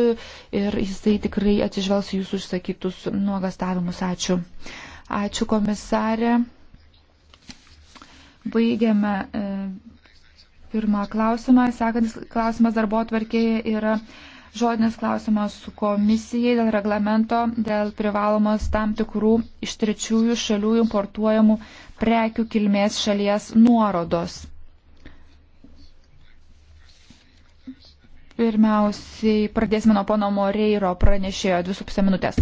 ir jisai tikrai atsižvelgs jūsų išsakytus nuogastavimus. Ačiū. Ačiū komisarė. Baigiame e, pirmą klausimą. Sekantis klausimas darbo atvarkėje yra žodinis klausimas su komisijai dėl reglamento, dėl privalomos tam tikrų iš trečiųjų šalių importuojamų prekių kilmės šalies nuorodos. Pirmiausiai pradėsime nuo pono Moreiro pranešėjo 2,5 minutės.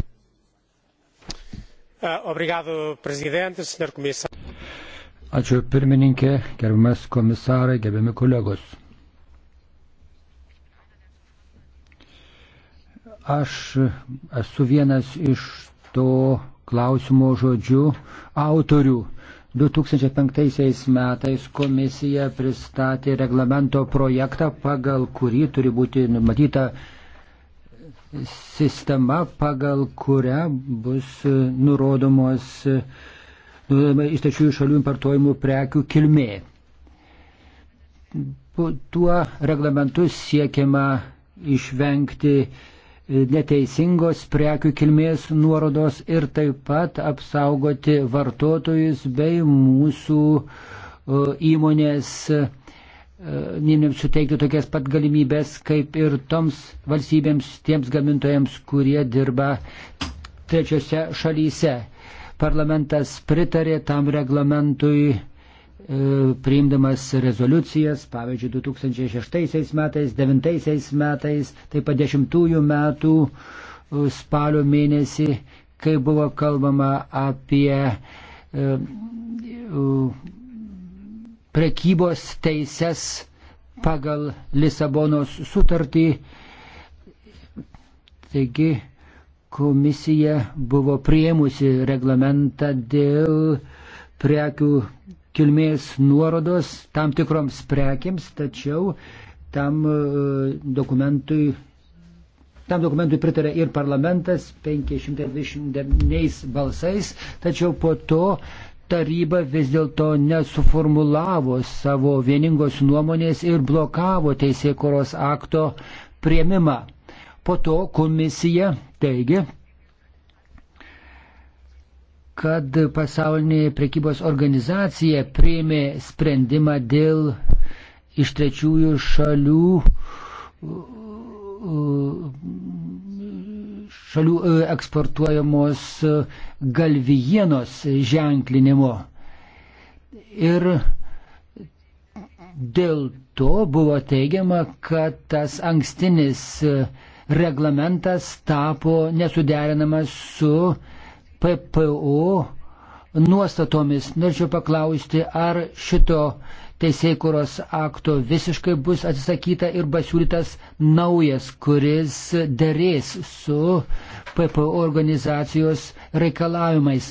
Obrigado, prezidentė, senor komisar. Ačiū pirmininkė, gerbiamas komisarai, gerbiami kolegos. Aš esu vienas iš to klausimo žodžių autorių 2005 metais komisija pristatė reglamento projektą, pagal kurį turi būti numatyta sistema, pagal kurią bus nurodomos iš tačiųjų šalių importuojamų prekių kilmė. Tuo reglamentu siekiama išvengti neteisingos prekių kilmės nuorodos ir taip pat apsaugoti vartotojus bei mūsų e, įmonės e, Ninim suteikti tokias pat galimybės kaip ir toms valstybėms, tiems gamintojams, kurie dirba trečiose šalyse. Parlamentas pritarė tam reglamentui E, priimdamas rezoliucijas, pavyzdžiui, 2006 metais, 2009 metais, taip pat 10 metų e, spalio mėnesį, kai buvo kalbama apie e, prekybos teises pagal Lisabonos sutartį. Taigi komisija buvo prieimusi reglamentą dėl prekių kilmės nuorodos tam tikroms prekiams, tačiau tam e, dokumentui. Tam dokumentui pritarė ir parlamentas 529 balsais, tačiau po to taryba vis dėlto nesuformulavo savo vieningos nuomonės ir blokavo teisėkoros akto prieimimą. Po to komisija teigia, kad pasaulinė prekybos organizacija priėmė sprendimą dėl iš trečiųjų šalių šalių e, eksportuojamos galvijienos ženklinimo. Ir dėl to buvo teigiama, kad tas ankstinis reglamentas tapo nesuderinamas su uh, PPO nuostatomis. Norėčiau paklausti, ar šito teisėkuros akto visiškai bus atsisakyta ir pasiūlytas naujas, kuris dėrės su PPO organizacijos reikalavimais.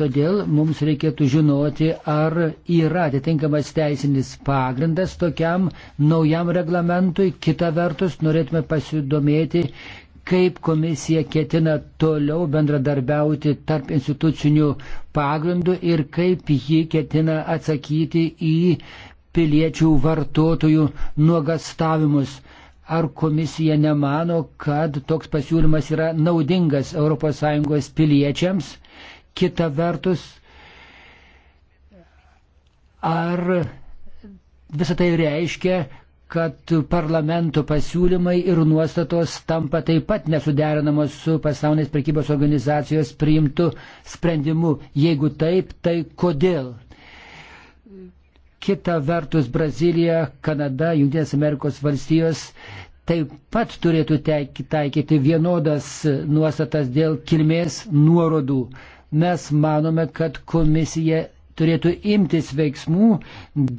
Todėl mums reikėtų žinoti, ar yra atitinkamas teisinis pagrindas tokiam naujam reglamentui. Kita vertus, norėtume pasidomėti, kaip komisija ketina toliau bendradarbiauti tarp institucinių pagrindų ir kaip ji ketina atsakyti į piliečių vartotojų nuogastavimus. Ar komisija nemano, kad toks pasiūlymas yra naudingas ES piliečiams? Kita vertus, ar visą tai reiškia, kad parlamento pasiūlymai ir nuostatos tampa taip pat nesuderinamos su pasaulinės prekybos organizacijos priimtų sprendimu. Jeigu taip, tai kodėl? Kita vertus, Brazilija, Kanada, Junktinės Amerikos valstijos taip pat turėtų taikyti vienodas nuostatas dėl kilmės nuorodų. Mes manome, kad komisija turėtų imtis veiksmų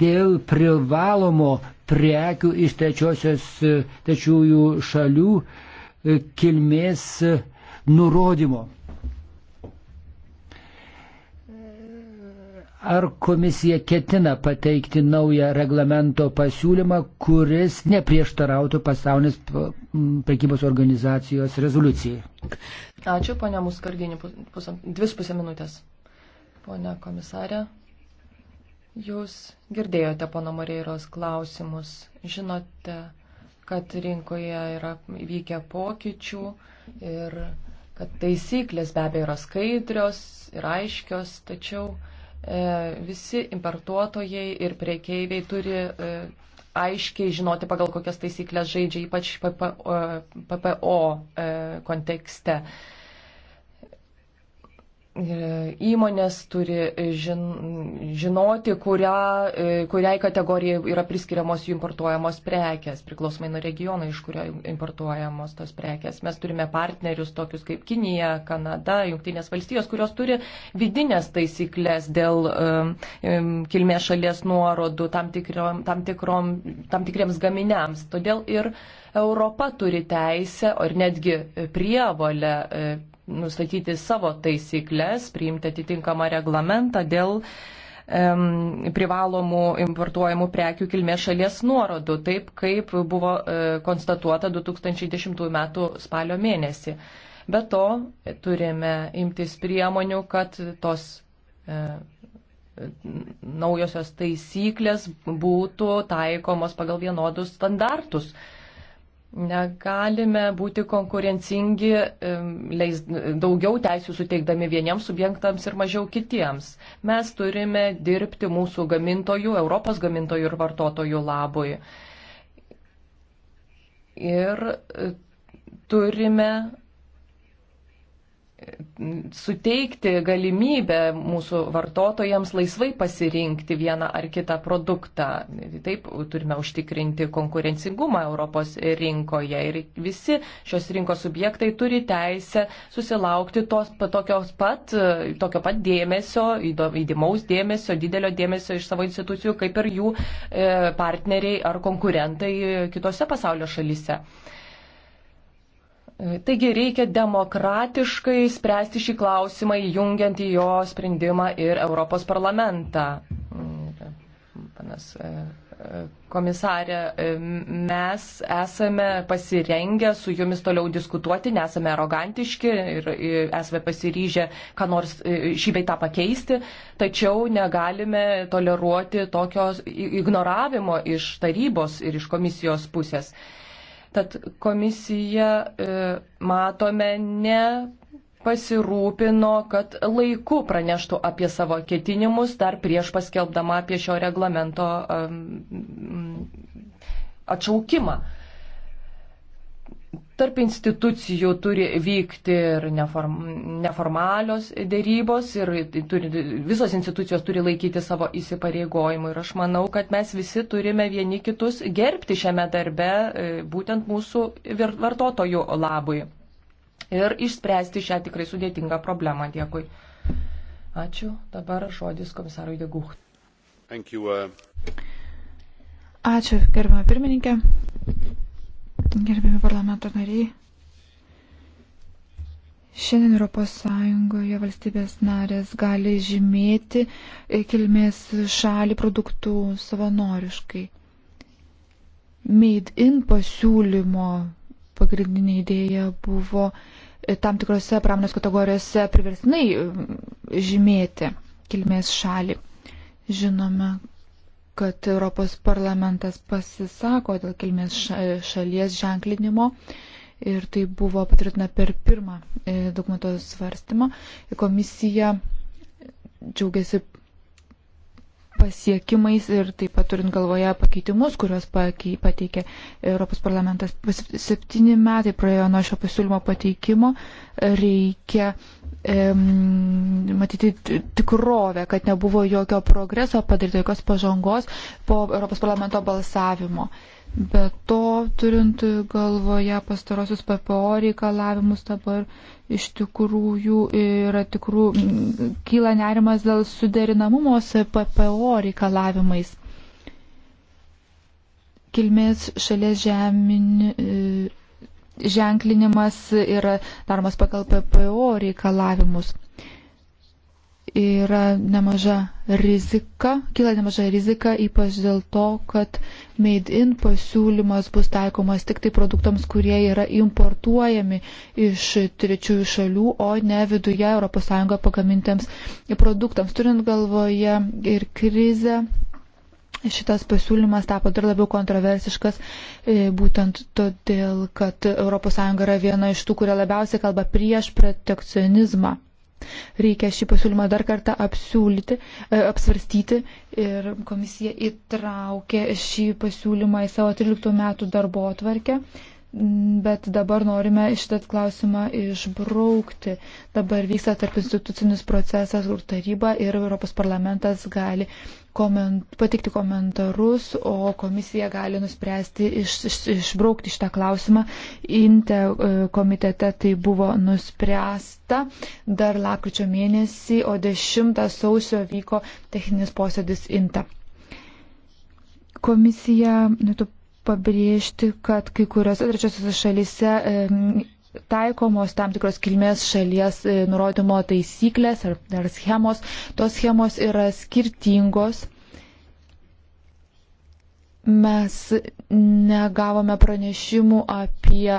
dėl privalomo prekių iš trečiosios, e, trečiųjų šalių e, kilmės e, nurodymo. Ar komisija ketina pateikti naują reglamento pasiūlymą, kuris neprieštarautų pasaulinės prekybos organizacijos rezoliucijai? Ačiū, ponia Muskarginė, pus, dvi pusę minutės. Pone komisarė, jūs girdėjote pono Moreiros klausimus, žinote, kad rinkoje yra įvykę pokyčių ir kad taisyklės be abejo yra skaidrios ir aiškios, tačiau e, visi importuotojai ir priekeiviai turi e, aiškiai žinoti, pagal kokias taisyklės žaidžia, ypač PPO, PPO e, kontekste. E, E, įmonės turi e, žin, žinoti, kuria, e, kuriai kategorijai yra priskiriamos jų importuojamos prekes, priklausomai nuo regiono, iš kurio importuojamos tos prekes. Mes turime partnerius tokius kaip Kinija, Kanada, Junktinės valstijos, kurios turi vidinės taisyklės dėl um, kilmės šalies nuorodų tam, tikrom, tam, tikrom, tam tikriems gaminiams. Todėl ir uh, Europa turi teisę ir netgi prievolę e, nustatyti savo taisyklės, priimti atitinkamą reglamentą dėl um, privalomų importuojamų prekių kilmės šalies nuorodų, taip kaip buvo uh, konstatuota 2010 m. spalio mėnesį. Be to turime imtis priemonių, kad tos uh, naujosios taisyklės būtų taikomos pagal vienodus standartus. Uh, Negalime būti konkurencingi, leis, daugiau teisų suteikdami vieniems subjektams ir mažiau kitiems. Mes turime dirbti mūsų gamintojų, Europos gamintojų ir vartotojų labui. Ir e, turime suteikti galimybę mūsų vartotojams laisvai pasirinkti vieną ar kitą produktą. Taip turime užtikrinti konkurencingumą Europos rinkoje ir visi šios rinkos subjektai turi teisę susilaukti tos, tokios pat, tokio pat dėmesio, įdimaus dėmesio, didelio dėmesio iš savo institucijų, kaip ir jų e, partneriai ar konkurentai kitose pasaulio šalyse. Taigi reikia demokratiškai spręsti šį klausimą, įjungiant į jo sprendimą ir Europos parlamentą. Mm, panas e, e, komisarė, e, mes esame pasirengę su jumis toliau diskutuoti, nesame arogantiški ir esame pasiryžę, ką nors šį beitą pakeisti, tačiau negalime toleruoti tokio ignoravimo iš tarybos ir iš komisijos pusės. Tad komisija e, matome ne pasirūpino, kad laiku praneštų apie savo ketinimus dar prieš paskelbdama apie šio reglamento atšaukimą tarp institucijų turi vykti ir neform, neformalios dėrybos ir turi, visos institucijos turi laikyti savo įsipareigojimų. Ir aš manau, kad mes visi turime vieni kitus gerbti šiame darbe e, būtent mūsų vartotojų labui ir išspręsti šią tikrai sudėtingą problemą. Dėkui. Ačiū. Dabar žodis komisarui Deguch. Uh, Ačiū, gerbama pirmininkė. Gerbėmi parlamento nariai. Šiandien ES valstybės narės gali žymėti e, kilmės šalį produktų savanoriškai. Made in pasiūlymo pagrindinė idėja buvo e, tam tikrose pramonės kategorijose priverstinai žymėti kilmės šalį. Žinome, kad Europos parlamentas pasisako dėl kilmės šalies ženklinimo ir tai buvo patvirtina per pirmą e, dokumento svarstymą. Komisija džiaugiasi pasiekimais ir taip pat turint galvoje pakeitimus, kuriuos pateikė Europos parlamentas. Septyni metai praėjo nuo šio pasiūlymo pateikimo, reikia matyti tikrovę, kad nebuvo jokio progreso padaryta, jokios pažangos po Europos parlamento balsavimo. Be to, turint galvoje pastarosius PPO reikalavimus dabar iš tikrųjų yra tikrų, kyla nerimas dėl suderinamumo su PPO reikalavimais. Kilmės šalies žemin, ženklinimas yra daromas pagal PPO reikalavimus. Yra nemaža rizika, kyla nemaža rizika, ypač dėl to, kad made in pasiūlymas bus taikomas tik tai produktams, kurie yra importuojami iš trečiųjų šalių, o ne viduje ES pagamintiems produktams. Turint galvoje ir krizę Šitas pasiūlymas tapo dar labiau kontroversiškas, e, būtent todėl, kad ES yra viena iš tų, kurie labiausiai kalba prieš protekcionizmą. Reikia šį pasiūlymą dar kartą apsiūlyti, e, apsvarstyti ir komisija įtraukė šį pasiūlymą į savo 13 metų darbo atvarkę bet dabar norime šitą klausimą išbraukti. Dabar vyksta tarp institucinis procesas, kur taryba ir Europos parlamentas gali koment, patikti komentarus, o komisija gali nuspręsti iš, iš, išbraukti šitą klausimą. Inte e, komitete tai buvo nuspręsta dar lakryčio mėnesį, o 10 sausio vyko techninis posėdis Inte. Komisija, nu, tu pabrėžti, kad kai kuriuose trečiosiuose šalise taikomos tam tikros kilmės šalies e, nurodymo taisyklės ar, ar schemos. Tos schemos yra skirtingos mes negavome pranešimų apie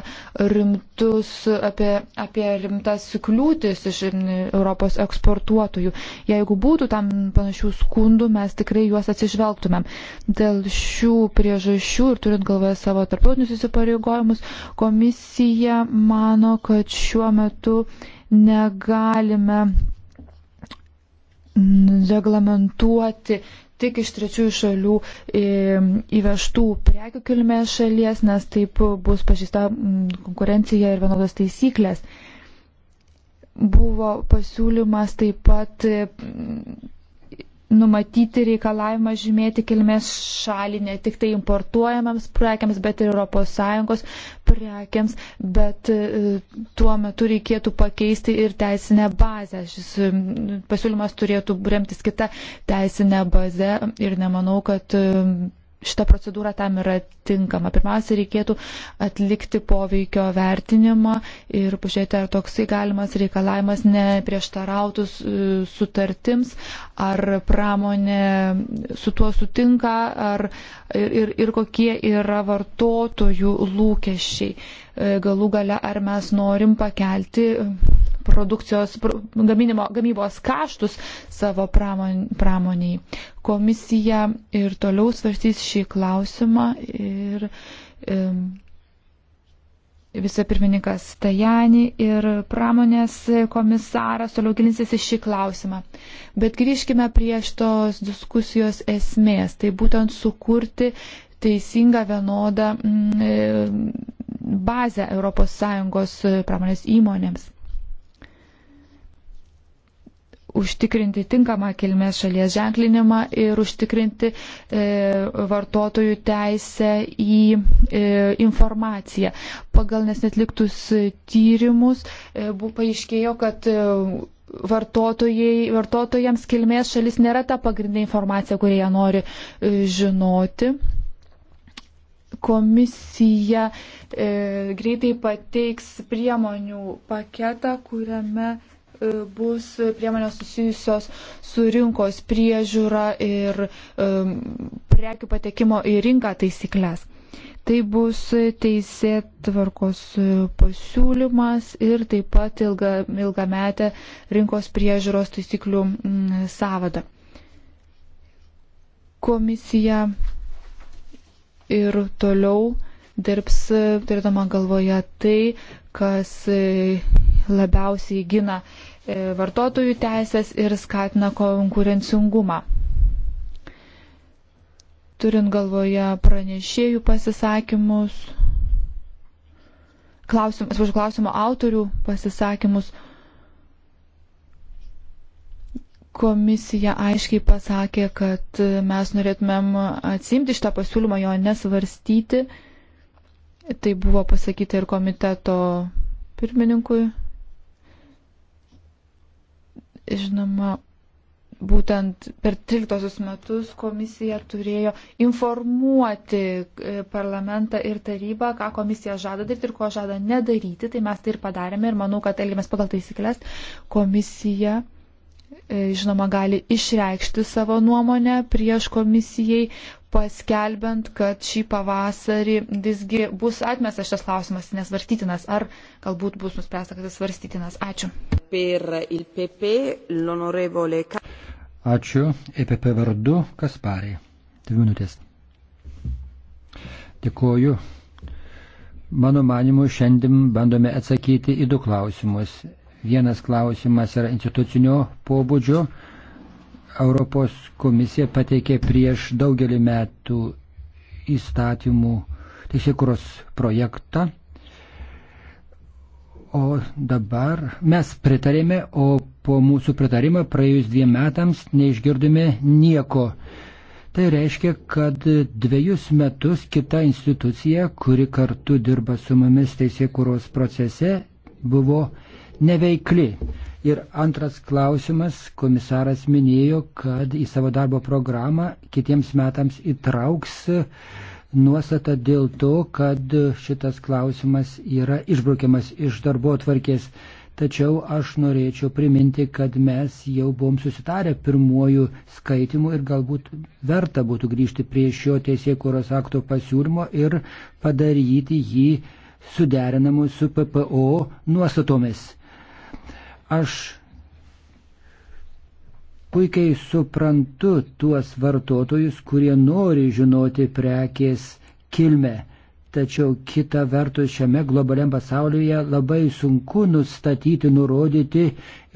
rimtus, apie, apie rimtas kliūtis iš Europos eksportuotojų. Jeigu būtų tam panašių skundų, mes tikrai juos atsižvelgtumėm. Dėl šių priežasčių ir turint galvoje savo tarptautinius įsipareigojimus, komisija mano, kad šiuo metu negalime reglamentuoti tik iš trečiųjų šalių įvežtų prekių kilmės šalies, nes taip bus pažįsta konkurencija ir vienodos taisyklės. Buvo pasiūlymas taip pat numatyti reikalavimą žymėti kilmės šalį ne tik tai importuojamams prekiams, bet ir ES prekiams, bet e, tuo metu reikėtų pakeisti ir teisinę bazę. Šis e, pasiūlymas turėtų remtis kitą teisinę bazę ir nemanau, kad e, šita procedūra tam yra tinkama. Pirmiausia, reikėtų atlikti poveikio vertinimą ir pažiūrėti, ar toksai galimas reikalavimas neprieštarautų sutartims, ar pramonė su tuo sutinka, ar, ir, ir, ir kokie yra vartotojų lūkesčiai. E, galų gale, ar mes norim pakelti produkcijos gaminimo, gamybos kaštus savo pramon, pramoniai. Komisija ir toliau svarstys šį klausimą ir um, vicepirmininkas Tajani ir pramonės komisaras toliau gilinsis į šį klausimą. Bet grįžkime prie šitos diskusijos esmės. Tai būtent sukurti teisingą vienodą mm, bazę ES pramonės įmonėms užtikrinti tinkamą kilmės šalies ženklinimą ir užtikrinti e, vartotojų teisę į e, informaciją. Pagal nesnetliktus tyrimus e, buvo paaiškėjo, kad e, vartotojams kilmės šalis nėra ta pagrindinė informacija, kurią jie nori e, žinoti. Komisija e, greitai pateiks priemonių paketą, kuriame E, bus priemonės susijusios su rinkos priežiūra ir um, prekių patekimo į rinką taisyklės. Tai bus teisėtvarkos pasiūlymas ir taip pat ilga, ilgametė rinkos priežiūros taisyklių mm, savada. Komisija ir toliau dirbs, turėdama galvoje tai, kas labiausiai gina E, vartotojų teisės ir skatina konkurencingumą. Turint galvoje pranešėjų pasisakymus, klausim, atsiprašau, klausimo autorių pasisakymus, komisija aiškiai pasakė, kad mes norėtumėm atsimti šitą pasiūlymą, jo nesvarstyti. Tai buvo pasakyta ir komiteto pirmininkui Žinoma, būtent per 13 metus komisija turėjo informuoti e, parlamentą ir tarybą, ką komisija žada daryti ir ko žada nedaryti. Tai mes tai ir padarėme ir manau, kad elgėmės pagal taisyklės. Komisija, e, žinoma, gali išreikšti savo nuomonę prieš komisijai paskelbent, kad šį pavasarį visgi bus atmestas šis klausimas nesvarstytinas, ar galbūt bus nuspręsta, kad jis svarstytinas. Ačiū. Ačiū. EPP vardu Kasparė. Dvi minutės. Dėkuoju. Mano manimu, šiandien bandome atsakyti į du klausimus. Vienas klausimas yra institucinio pobūdžio, Europos komisija pateikė prieš daugelį metų įstatymų teisėkuros projektą. O dabar mes pritarėme, o po mūsų pritarimo praėjus dviem metams neišgirdome nieko. Tai reiškia, kad dviejus metus kita institucija, kuri kartu dirba su mumis teisėkuros procese, buvo neveikli. Ir antras klausimas, komisaras minėjo, kad į savo darbo programą kitiems metams įtrauks nuostata dėl to, kad šitas klausimas yra išbraukiamas iš darbo atvarkės. Tačiau aš norėčiau priminti, kad mes jau buvom susitarę pirmojų skaitimų ir galbūt verta būtų grįžti prie šio teisėkūros akto pasiūlymo ir padaryti jį suderinamu su PPO nuostatomis. Aš puikiai suprantu tuos vartotojus, kurie nori žinoti prekės kilmę. Tačiau kita vertus šiame globaliam pasaulyje labai sunku nustatyti, nurodyti,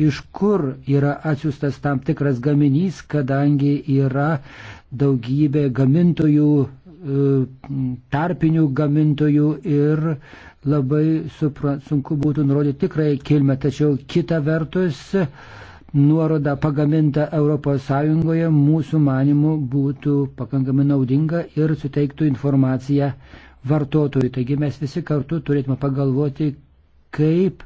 iš kur yra atsiustas tam tikras gaminys, kadangi yra daugybė gamintojų, e, tarpinių gamintojų ir labai supra, sunku būtų nurodyti tikrai kilmę, tačiau kita vertus nuoroda pagaminta ES mūsų manimų būtų pakankamai naudinga ir suteiktų informaciją vartotojui. Taigi mes visi kartu turėtume pagalvoti, kaip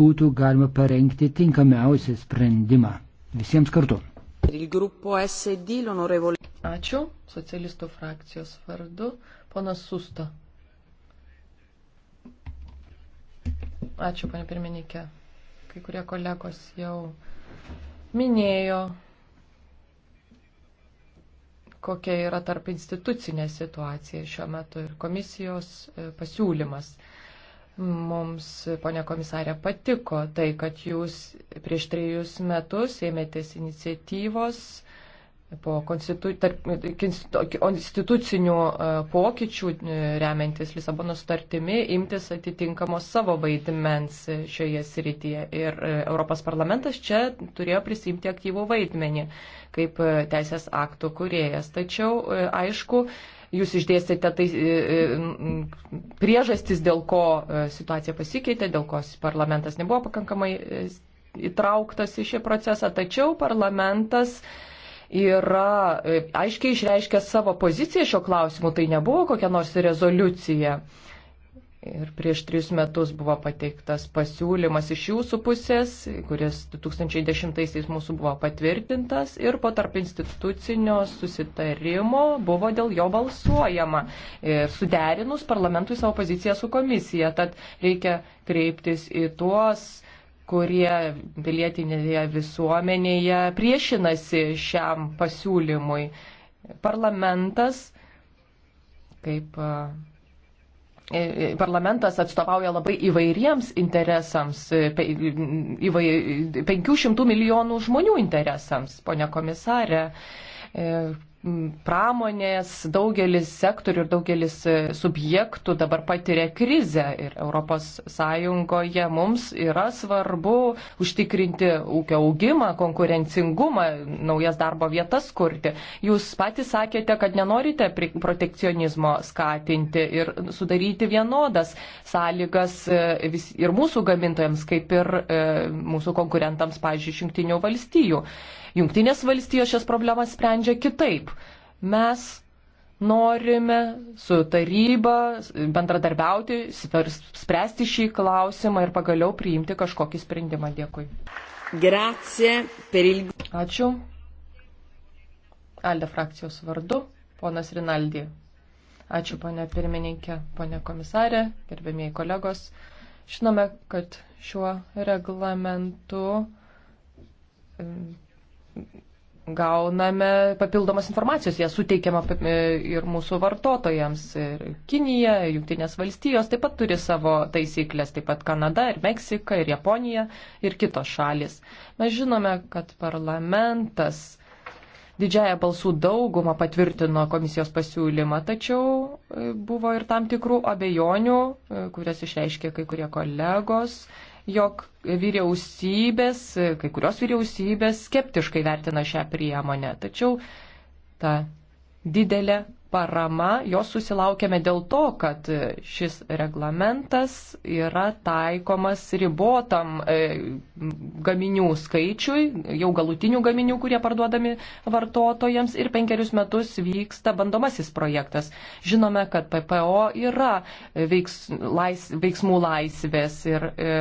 būtų galima parengti tinkamiausią sprendimą. Visiems kartu. Ačiū socialistų frakcijos vardu. Ponas Susta. Ačiū, panė pirmininkė. Kai kurie kolegos jau minėjo, kokia yra tarp institucinė situacija šiuo metu ir komisijos e, pasiūlymas. Mums, ponė komisarė, patiko tai, kad jūs prieš trejus metus ėmėtės iniciatyvos po konstitu, tarp, institucinių e, pokyčių e, remiantis Lisabono sutartimi imtis atitinkamos savo vaidmens šioje srityje. Ir e, Europos parlamentas čia turėjo prisimti aktyvų vaidmenį kaip teisės aktų kuriejas. Tačiau, aišku, jūs išdėstėte tai, priežastis, dėl ko situacija pasikeitė, dėl ko parlamentas nebuvo pakankamai įtrauktas į šį procesą. Tačiau parlamentas yra e, aiškiai išreiškę savo poziciją šio klausimu, tai nebuvo kokia nors rezoliucija. Ir prieš tris metus buvo pateiktas pasiūlymas iš jūsų pusės, kuris 2010-aisiais mūsų buvo patvirtintas ir po tarp institucinio susitarimo buvo dėl jo balsuojama, e, suderinus parlamentui savo poziciją su komisija. Tad reikia kreiptis į tuos kurie pilietinėje visuomenėje priešinasi šiam pasiūlymui. Parlamentas, kaip e, e, parlamentas atstovauja labai įvairiems interesams, 500 milijonų žmonių interesams, ponia komisarė e, pramonės, daugelis sektorių ir daugelis e, subjektų dabar patiria krizę ir ES mums yra svarbu užtikrinti ūkio augimą, konkurencingumą, naujas darbo vietas kurti. Jūs patys sakėte, kad nenorite protekcionizmo skatinti ir sudaryti vienodas sąlygas e, ir mūsų gamintojams, kaip ir e, mūsų konkurentams, pažiūrėjau, iš jungtinių valstijų. Junktinės valstijos šias problemas sprendžia kitaip. Mes norime su taryba bendradarbiauti, spręsti šį klausimą ir pagaliau priimti kažkokį sprendimą. Dėkui. Il... Ačiū. Alde frakcijos vardu, ponas Rinaldi. Ačiū, ponė pirmininkė, ponė komisarė, gerbėmiai kolegos. Žinome, kad šiuo reglamentu gauname papildomas informacijos, ją suteikiama e, ir mūsų vartotojams. Ir Kinija, Junktinės valstijos taip pat turi savo taisyklės, taip pat Kanada ir Meksika ir Japonija ir kitos šalis. Mes žinome, kad parlamentas didžiają balsų daugumą patvirtino komisijos pasiūlymą, tačiau e, buvo ir tam tikrų abejonių, e, kurias išreiškė kai kurie kolegos jog vyriausybės, kai kurios vyriausybės skeptiškai vertina šią priemonę. Tačiau ta didelė parama jos susilaukėme dėl to, kad šis reglamentas yra taikomas ribotam e, gaminių skaičiui, jau galutinių gaminių, kurie parduodami vartotojams ir penkerius metus vyksta bandomasis projektas. Žinome, kad PPO yra veiks, lais, veiksmų laisvės ir e,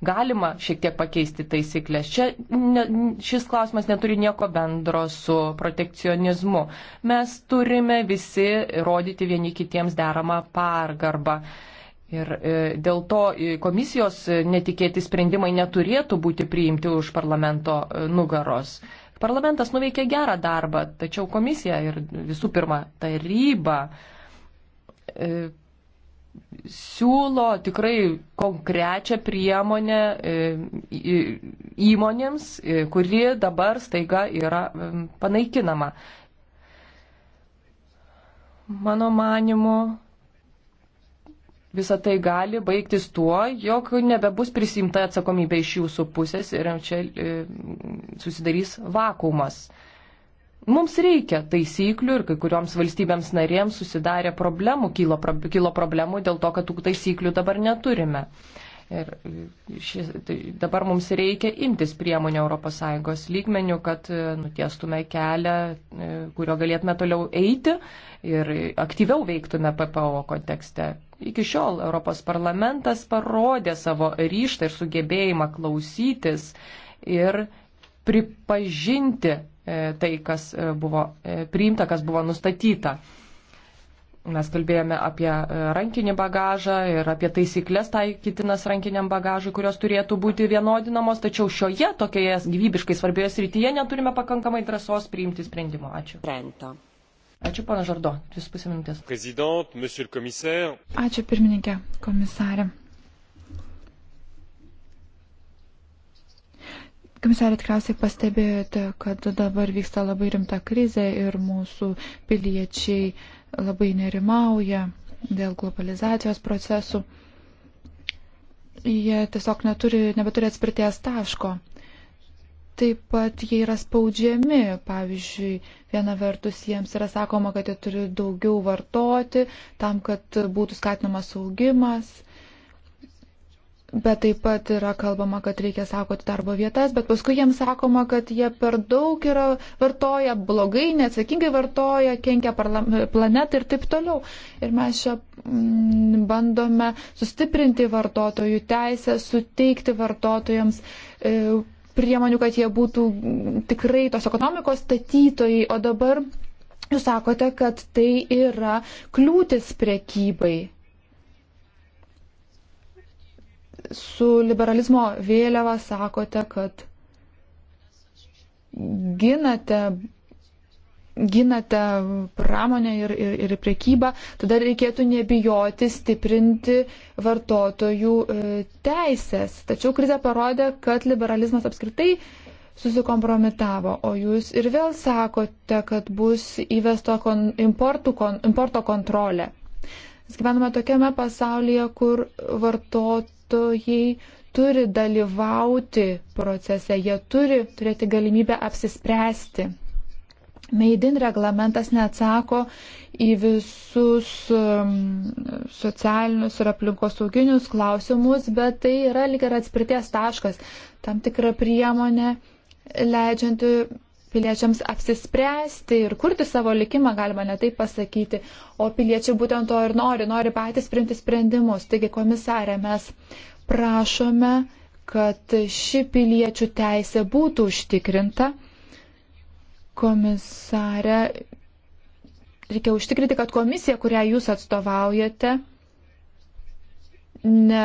galima šiek tiek pakeisti taisyklės. Čia ne, šis klausimas neturi nieko bendro su protekcionizmu. Mes turime visi rodyti vieni kitiems deramą pargarbą. Ir e, dėl to e, komisijos e, netikėti sprendimai neturėtų būti priimti už parlamento nugaros. Parlamentas nuveikė gerą darbą, tačiau komisija ir visų pirma taryba siūlo tikrai konkrečią priemonę e, įmonėms, e, kuri dabar staiga yra e, panaikinama. Mano manimu, visą tai gali baigtis tuo, jog nebebus prisimta atsakomybė iš jūsų pusės ir čia susidarys vakumas. Mums reikia taisyklių ir kai kurioms valstybėms narėms susidarė problemų, kilo, kilo problemų dėl to, kad tų taisyklių dabar neturime. Ir e, šis, tai dabar mums reikia imtis priemonių ES lygmenių, kad e, nutiestume kelią, e, kurio galėtume toliau eiti ir aktyviau veiktume PPO kontekste. Iki šiol Europos parlamentas parodė savo ryštą ir sugebėjimą klausytis ir pripažinti E, tai, kas e, buvo e, priimta, kas buvo nustatyta. Mes kalbėjome apie rankinį bagažą ir apie taisyklės taikytinas rankiniam bagažui, kurios turėtų būti vienodinamos, tačiau šioje tokioje gyvybiškai svarbioje srityje neturime pakankamai drąsos priimti sprendimo. Ačiū. Trento. Ačiū, pana Žardo. Jūs pusė minutės. Ačiū, pirmininkė, komisarė. Komisarė tikriausiai pastebėjote, kad dabar vyksta labai rimta krizė ir mūsų piliečiai labai nerimauja dėl globalizacijos procesų. Jie tiesiog neturi, nebeturi atspirties taško. Taip pat jie yra spaudžiami, pavyzdžiui, viena vertus jiems yra sakoma, kad jie turi daugiau vartoti tam, kad būtų skatinamas augimas Bet taip pat yra kalbama, kad reikia saugoti darbo vietas, bet paskui jiems sakoma, kad jie per daug yra vartoja, blogai, neatsakingai vartoja, kenkia planetai ir taip toliau. Ir mes čia mm, bandome sustiprinti vartotojų teisę, suteikti vartotojams. E, priemonių, kad jie būtų mm, tikrai tos ekonomikos statytojai, o dabar jūs sakote, kad tai yra kliūtis prekybai. su liberalizmo vėliava sakote, kad ginate ginate pramonę ir, ir, ir priekybą, tada reikėtų nebijoti stiprinti vartotojų e, teisės. Tačiau krizė parodė, kad liberalizmas apskritai susikompromitavo, o jūs ir vėl sakote, kad bus įvesto kon, importų, kon, importo kontrolė. Mes gyvename tokiame pasaulyje, kur vartotojai vartotojai turi dalyvauti procese, jie turi turėti galimybę apsispręsti. Meidin reglamentas neatsako į visus um, socialinius ir aplinkosauginius klausimus, bet tai yra lyg ir atspirties taškas, tam tikra priemonė leidžianti piliečiams apsispręsti ir kurti savo likimą, galima netai pasakyti, o piliečiai būtent to ir nori, nori patys priimti sprendimus. Taigi, komisarė, mes prašome, kad ši piliečių teisė būtų užtikrinta. Komisarė, reikia užtikrinti, kad komisija, kurią jūs atstovaujate, ne,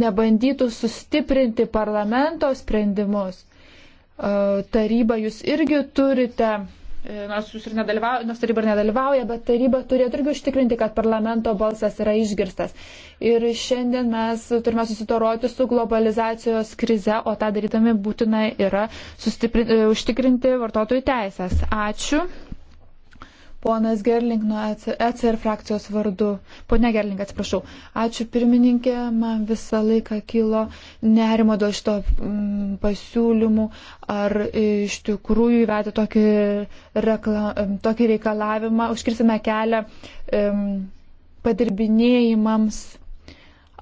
nebandytų sustiprinti parlamento sprendimus taryba jūs irgi turite, e, nors, jūs ir nors taryba ir nedalyvauja, bet taryba turėtų irgi užtikrinti, kad parlamento balsas yra išgirstas. Ir šiandien mes turime susitoroti su globalizacijos krize, o tą darydami būtina yra e, užtikrinti vartotojų teisės. Ačiū ponas Gerling nuo ECR frakcijos vardu. Pone Gerling, atsiprašau. Ačiū pirmininkė, man visą laiką kilo nerimo dėl šito mm, pasiūlymų, ar iš tikrųjų įvedė tokį, rekla, tokį reikalavimą, užkirsime kelią mm, padirbinėjimams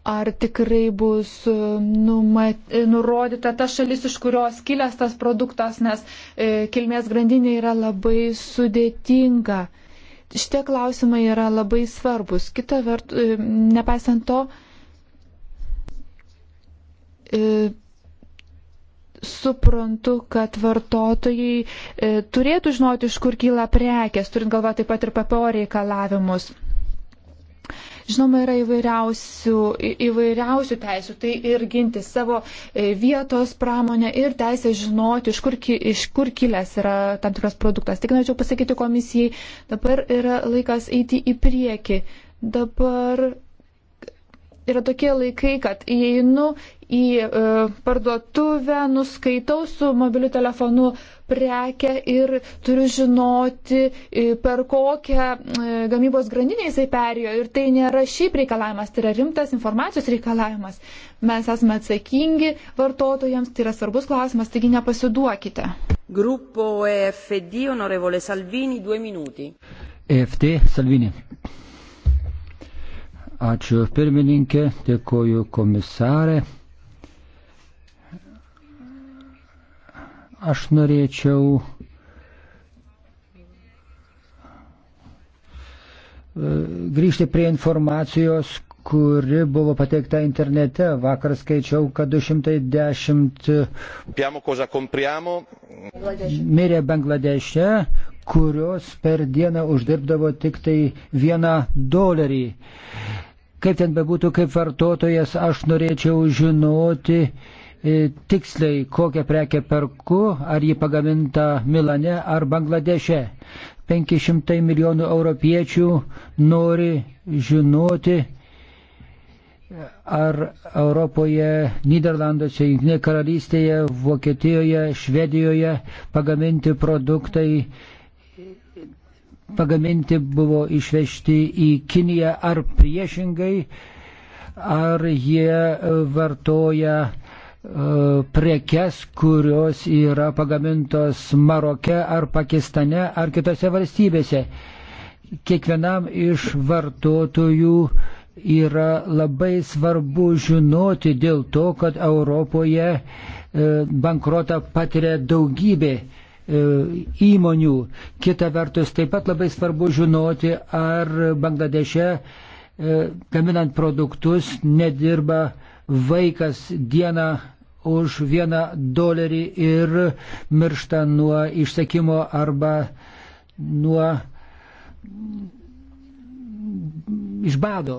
ar tikrai bus e, numat, e, nurodyta ta šalis, iš kurios kilęs tas produktas, nes e, kilmės grandinė yra labai sudėtinga. Šitie klausimai yra labai svarbus. Kita vertus, e, nepaisant to, e, suprantu, kad vartotojai e, turėtų žinoti, iš kur kyla prekes, turint galvą taip pat ir PPO reikalavimus. Žinoma, yra įvairiausių, įvairiausių teisų, tai ir ginti savo e, vietos pramonę ir teisę žinoti, iš kur, iš kur kilęs yra tam tikras produktas. Tik norėčiau pasakyti komisijai, dabar yra laikas eiti į priekį. Dabar yra tokie laikai, kad įeinu į e, parduotuvę, nuskaitau su mobiliu telefonu prekę ir turiu žinoti, e, per kokią e, gamybos grandinę jisai perėjo. Ir tai nėra šiaip reikalavimas, tai yra rimtas informacijos reikalavimas. Mes esame atsakingi vartotojams, tai yra svarbus klausimas, taigi nepasiduokite. Grupo EFD, onorevole Salvini, due minuti. EFD, Salvini. Ačiū pirmininkė, dėkoju komisarė. Aš norėčiau e, grįžti prie informacijos, kuri buvo pateikta internete. Vakar skaičiau, kad 210 mirė Bangladeše, kurios per dieną uždirbdavo tik tai vieną dolerį. Kaip ten bebūtų, kaip vartotojas, aš norėčiau žinoti, E, tiksliai, kokią prekę perku, ar ji pagaminta Milane ar Bangladeše. 500 milijonų europiečių nori žinoti, ar Europoje, Niderlanduose, Junktinėje karalystėje, Vokietijoje, Švedijoje pagaminti produktai pagaminti buvo išvežti į Kiniją ar priešingai, ar jie vartoja prekes, kurios yra pagamintos Maroke ar Pakistane ar kitose valstybėse. Kiekvienam iš vartotojų yra labai svarbu žinoti dėl to, kad Europoje e, bankrotą patiria daugybė e, įmonių. Kita vertus, taip pat labai svarbu žinoti, ar Bangladeše e, gaminant produktus nedirba vaikas dieną už vieną dolerį ir miršta nuo išsekimo arba nuo išbado.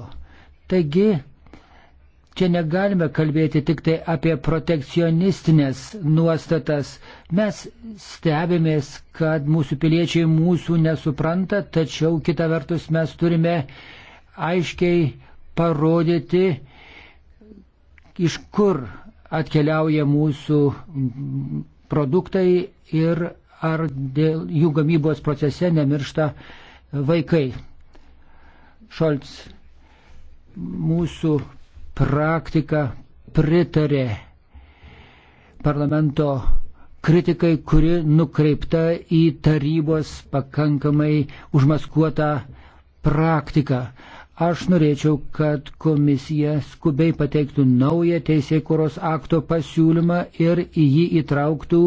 Taigi čia negalime kalbėti tik tai apie protekcionistinės nuostatas. Mes stebimės, kad mūsų piliečiai mūsų nesupranta, tačiau kita vertus mes turime aiškiai parodyti, iš kur atkeliauja mūsų produktai ir ar dėl jų gamybos procese nemiršta vaikai. Šolts mūsų praktika pritarė parlamento kritikai, kuri nukreipta į tarybos pakankamai užmaskuotą praktiką. Aš norėčiau, kad komisija skubiai pateiktų naują teisėkuros akto pasiūlymą ir į jį įtrauktų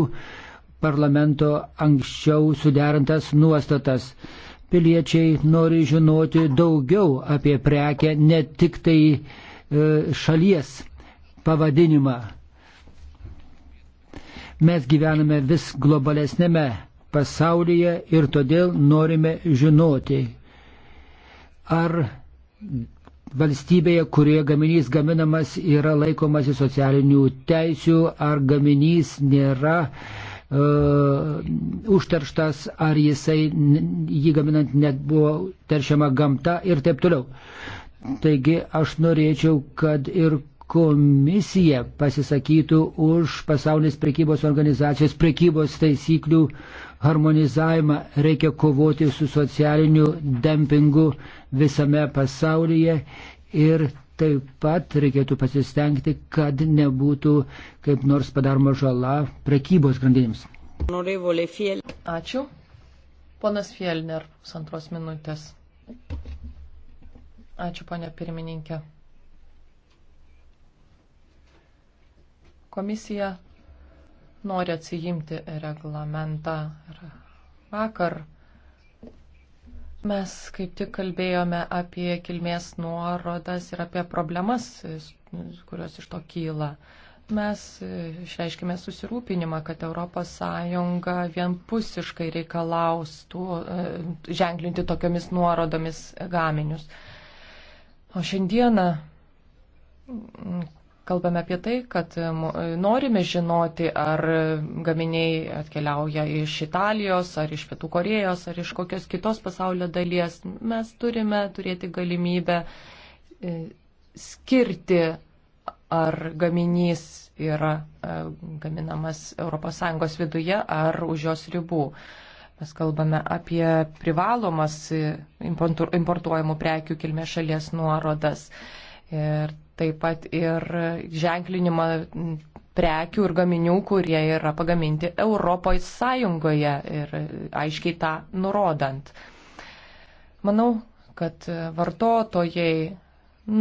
parlamento anksčiau suderintas nuostatas. Piliečiai nori žinoti daugiau apie prekę, ne tik tai e, šalies pavadinimą. Mes gyvename vis globalesnėme pasaulyje ir todėl norime žinoti, ar valstybėje, kurioje gaminys gaminamas yra laikomasi socialinių teisių, ar gaminys nėra uh, užterštas, ar jisai jį gaminant net buvo teršiama gamta ir taip toliau. Taigi aš norėčiau, kad ir komisija pasisakytų už pasaulinės prekybos organizacijos prekybos taisyklių harmonizavimą. Reikia kovoti su socialiniu dempingu. Uh, visame pasaulyje ir taip pat reikėtų pasistengti, kad nebūtų kaip nors padaroma žala prekybos grandinėms. Ačiū. Ponas Fielner, pusantros minutės. Ačiū, ponė pirmininkė. Komisija nori atsijimti reglamentą vakar Mes kaip tik kalbėjome apie kilmės nuorodas ir apie problemas, kurios iš to kyla. Mes e, išreiškime susirūpinimą, kad ES vienpusiškai reikalaus tų, e, ženklinti tokiamis nuorodomis gaminius. O šiandieną Kalbame apie tai, kad e, e, norime žinoti, ar gaminiai atkeliauja iš Italijos, ar iš Pietų Korejos, ar iš kokios kitos pasaulio dalies. Mes turime turėti galimybę e, skirti, ar gaminys yra gaminamas ES viduje ar už jos ribų. Mes kalbame apie privalomas importuojamų prekių kilmės šalies nuorodas ir taip pat ir ženklinimą prekių ir gaminių, kurie yra pagaminti Europos Sąjungoje ir aiškiai tą nurodant. Manau, kad vartotojai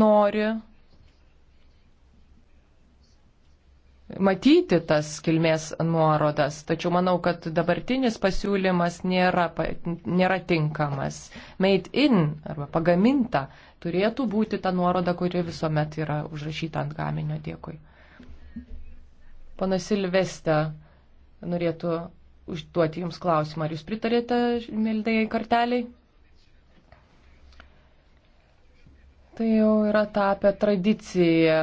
nori matyti tas kilmės nuorodas. Tačiau manau, kad dabartinis pasiūlymas nėra, nėra tinkamas. Made in arba pagaminta turėtų būti ta nuoroda, kuri visuomet yra užrašyta ant gaminio. Dėkui. Pana Silvestė norėtų užduoti Jums klausimą. Ar Jūs pritarėte mildai karteliai? Tai jau yra tapę tradicija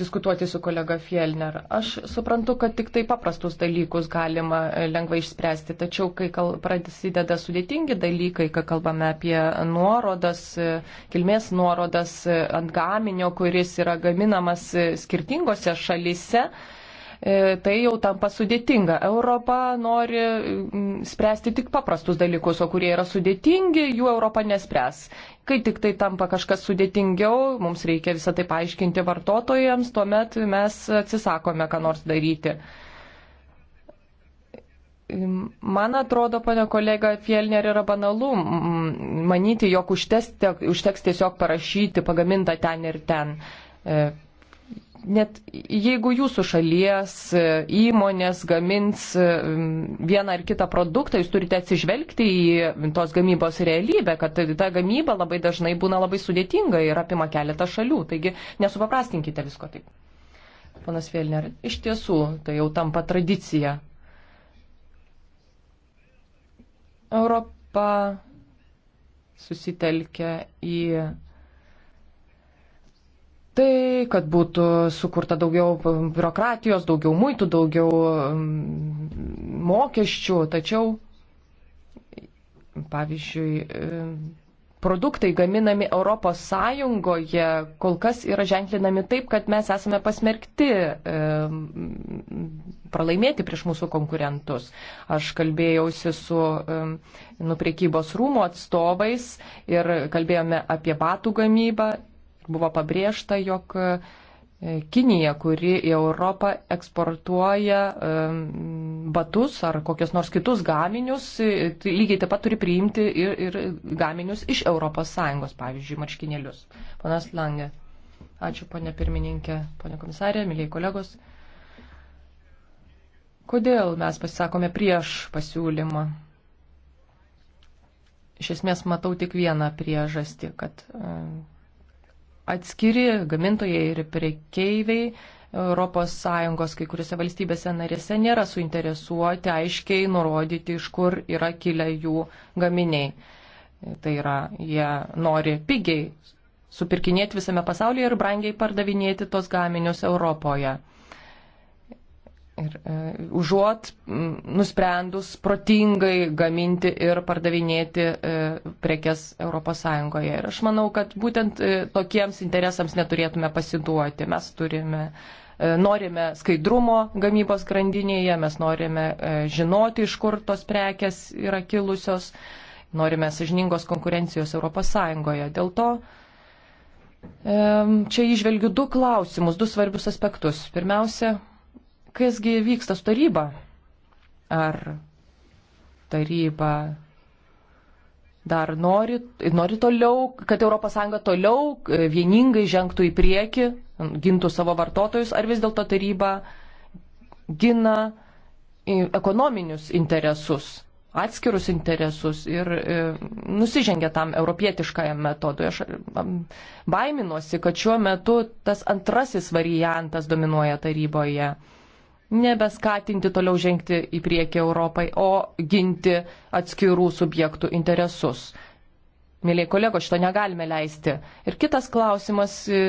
diskutuoti su kolega Fielner. Aš suprantu, kad tik tai paprastus dalykus galima e, lengvai išspręsti, tačiau kai kal, prasideda sudėtingi dalykai, kai kalbame apie nuorodas, e, kilmės nuorodas e, ant gaminio, kuris yra gaminamas skirtingose šalise, E, tai jau tampa sudėtinga. Europa nori spręsti tik paprastus dalykus, o kurie yra sudėtingi, jų Europa nespręs. Kai tik tai tampa kažkas sudėtingiau, mums reikia visą tai paaiškinti vartotojams, tuomet mes atsisakome, ką nors daryti. Man atrodo, pane kolega Fielner, yra banalu manyti, jog užteks, užteks tiesiog parašyti pagamintą ten ir ten e, net jeigu jūsų šalies e, įmonės gamins e, vieną ar kitą produktą, jūs turite atsižvelgti į tos gamybos realybę, kad ta gamyba labai dažnai būna labai sudėtinga ir apima keletą šalių. Taigi nesupaprastinkite visko taip. Panas Vėlner, iš tiesų tai jau tampa tradicija. Europa susitelkia į tai, kad būtų sukurta daugiau biurokratijos, daugiau muitų, daugiau mm, mokesčių, tačiau, pavyzdžiui, e, produktai gaminami Europos Sąjungoje kol kas yra ženklinami taip, kad mes esame pasmerkti e, pralaimėti prieš mūsų konkurentus. Aš kalbėjausi su e, nu, priekybos rūmų atstovais ir kalbėjome apie batų gamybą Buvo pabrėžta, jog e, Kinija, kuri į Europą eksportuoja e, batus ar kokius nors kitus gaminius, e, tai lygiai taip pat turi priimti ir, ir gaminius iš ES, pavyzdžiui, marškinėlius. Panas Langė. Ačiū, ponė pirmininkė, ponė komisarė, mėlyje kolegos. Kodėl mes pasisakome prieš pasiūlymą? Iš esmės matau tik vieną priežastį, kad atskiri gamintojai ir prekeiviai ES kai kuriuose valstybėse narėse nėra suinteresuoti aiškiai nurodyti, iš kur yra kilę jų gaminiai. Tai yra, jie nori pigiai supirkinėti visame pasaulyje ir brangiai pardavinėti tos gaminius Europoje. Ir e, užuot m, nusprendus protingai gaminti ir pardavinėti e, prekes ES. Ir aš manau, kad būtent e, tokiems interesams neturėtume pasiduoti. Mes turime, e, norime skaidrumo gamybos grandinėje, mes norime e, žinoti, iš kur tos prekes yra kilusios, norime sažiningos konkurencijos ES. Dėl to e, čia išvelgiu du klausimus, du svarbius aspektus. Pirmiausia, kasgi vyksta su taryba? Ar taryba dar nori, nori toliau, kad ES toliau e, vieningai žengtų į priekį, gintų savo vartotojus, ar vis dėlto taryba gina ekonominius interesus, atskirus interesus ir e, nusižengia tam europietiškajam metodui. Aš baiminuosi, kad šiuo metu tas antrasis variantas dominuoja taryboje nebeskatinti toliau žengti į priekį Europai, o ginti atskirų subjektų interesus. Mėlyje kolego, šito negalime leisti. Ir kitas klausimas, e,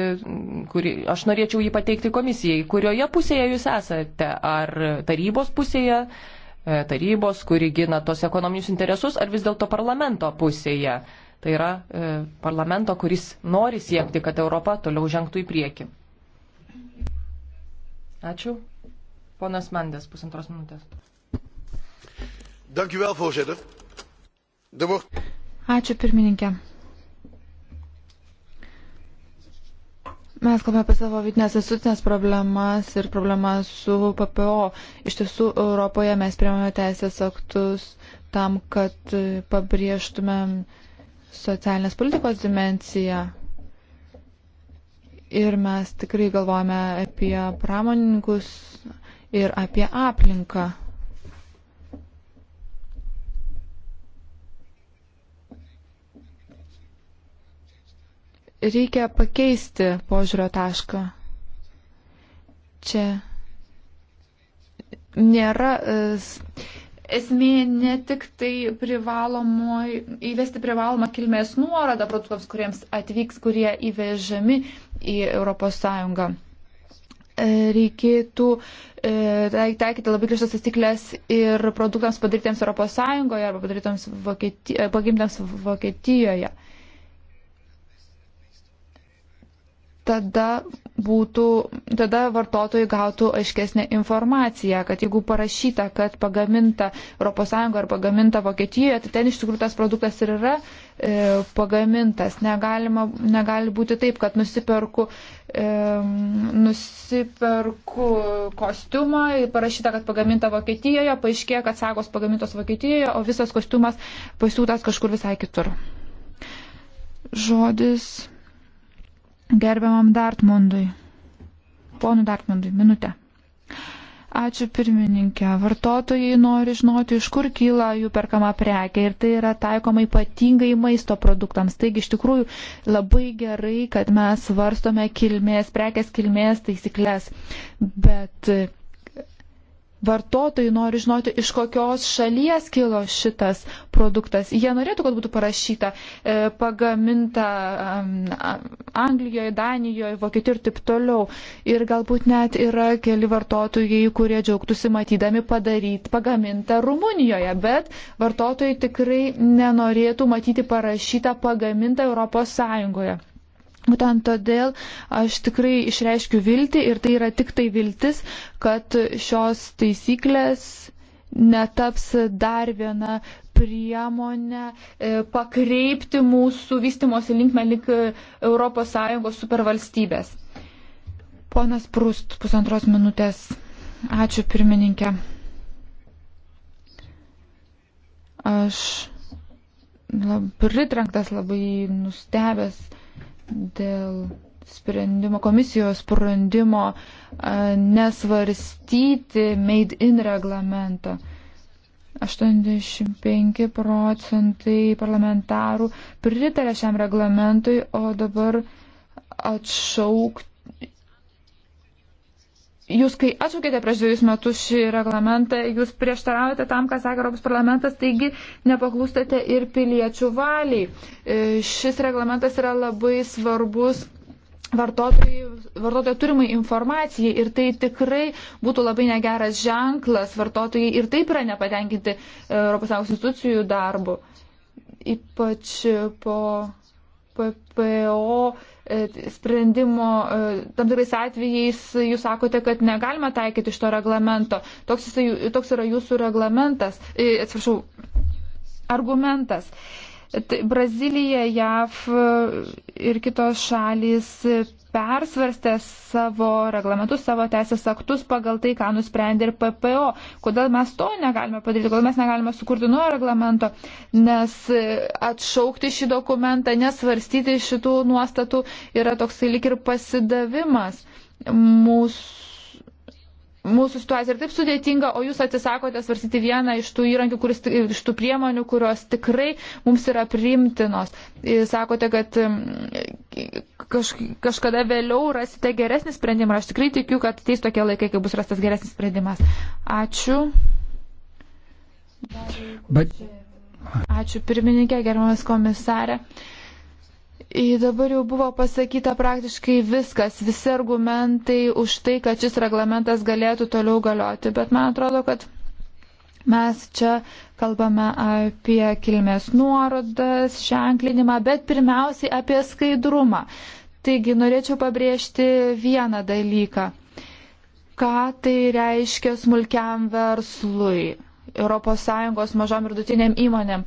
kurį aš norėčiau jį pateikti komisijai. Kurioje pusėje jūs esate? Ar tarybos pusėje, e, tarybos, kuri gina tos ekonominius interesus, ar vis dėlto parlamento pusėje? Tai yra e, parlamento, kuris nori siekti, kad Europa toliau žengtų į priekį. Ačiū. Ponas Mendes, pusantros minutės. Dankjewel, voorzitter. Dabar... Er Ačiū pirmininkė. Mes kalbame apie savo vidinės institucinės problemas ir problemas su PPO. Iš tiesų, Europoje mes priemame teisės aktus tam, kad pabrėžtumėm socialinės politikos dimenciją. Ir mes tikrai galvojame apie pramoninkus, ir apie aplinką. Reikia pakeisti požiūrio tašką. Čia nėra e, esmė ne tik tai privalomoj, įvesti privalomą kilmės nuorodą produktams, kuriems atvyks, kurie įvežami į ES. E, reikėtų e, tai taikyti labai griežtas taisyklės ir produktams padarytiems ES arba padarytiems Vokieti, e, pagimtams Vokietijoje. tada, būtų, tada vartotojai gautų aiškesnę informaciją, kad jeigu parašyta, kad pagaminta ES ar pagaminta Vokietijoje, tai ten iš tikrųjų tas produktas ir yra e, pagamintas. Negalima, negali būti taip, kad nusiperku, e, nusiperku kostiumą, parašyta, kad pagaminta Vokietijoje, paaiškėja, kad sagos pagamintos Vokietijoje, o visas kostiumas pasiūtas kažkur visai kitur. Žodis gerbiamam Dartmundui. Ponu Dartmundui, minutę. Ačiū pirmininkė. Vartotojai nori žinoti, iš kur kyla jų perkama prekia ir tai yra taikoma ypatingai maisto produktams. Taigi iš tikrųjų labai gerai, kad mes varstome kilmės, prekės kilmės taisyklės. Bet vartotojai nori žinoti, iš kokios šalies kilo šitas produktas. Jie norėtų, kad būtų parašyta e, pagaminta um, Anglijoje, Danijoje, Vokietijoje ir taip toliau. Ir galbūt net yra keli vartotojai, kurie džiaugtųsi matydami padaryt pagamintą Rumunijoje, bet vartotojai tikrai nenorėtų matyti parašytą pagamintą Europos Sąjungoje. Būtent todėl aš tikrai išreiškiu viltį ir tai yra tik tai viltis, kad šios taisyklės netaps dar viena priemonė e, pakreipti mūsų vystimosi linkme link ES supervalstybės. Ponas Prust, pusantros minutės. Ačiū pirmininkė. Aš pritrenktas labai nustebęs dėl sprendimo, komisijos sprendimo e, nesvarstyti made in reglamentą. 85 procentai parlamentarų pritarė šiam reglamentui, o dabar atšaukti Jūs, kai atšaukėte prieš dviejus metus šį reglamentą, jūs prieštaraujate tam, ką sakė Europos parlamentas, taigi nepaklūstate ir piliečių valiai. E, šis reglamentas yra labai svarbus vartotojų turimai informacijai ir tai tikrai būtų labai negeras ženklas. Vartotojai ir taip yra nepatenkinti ES institucijų darbu. Ypač po PPO e, sprendimo, e, tam tikrais atvejais jūs sakote, kad negalima taikyti šito reglamento. Toks, jis, toks yra jūsų reglamentas, e, atsiprašau, argumentas. Tai Brazilija, JAV ir kitos šalys persvarstė savo reglamentus, savo teisės aktus pagal tai, ką nusprendė ir PPO. Kodėl mes to negalime padaryti, kodėl mes negalime sukurti nuo reglamento, nes atšaukti šį dokumentą, nesvarstyti šitų nuostatų yra toksai lik ir pasidavimas mūsų mūsų situacija ir taip sudėtinga, o jūs atsisakote svarstyti vieną iš tų įrankių, kuris, iš tų priemonių, kurios tikrai mums yra primtinos. Sakote, kad kaž, kažkada vėliau rasite geresnį sprendimą. Aš tikrai tikiu, kad ateis tokie laikai, kai bus rastas geresnis sprendimas. Ačiū. Bet... Ačiū pirmininkė, gerbiamas komisarė. Ir dabar jau buvo pasakyta praktiškai viskas, visi argumentai už tai, kad šis reglamentas galėtų toliau galioti, bet man atrodo, kad mes čia kalbame apie kilmės nuorodas, ženklinimą, bet pirmiausiai apie skaidrumą. Taigi norėčiau pabrėžti vieną dalyką. Ką tai reiškia smulkiam verslui, ES mažom ir dutiniam įmonėm?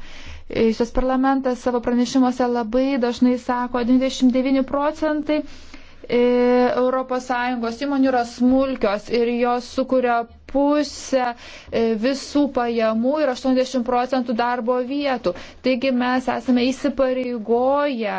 Šis parlamentas savo pranešimuose labai dažnai sako, 29 procentai ES įmonių yra smulkios ir jos sukuria pusę e, visų pajamų ir 80 procentų darbo vietų. Taigi mes esame įsipareigoję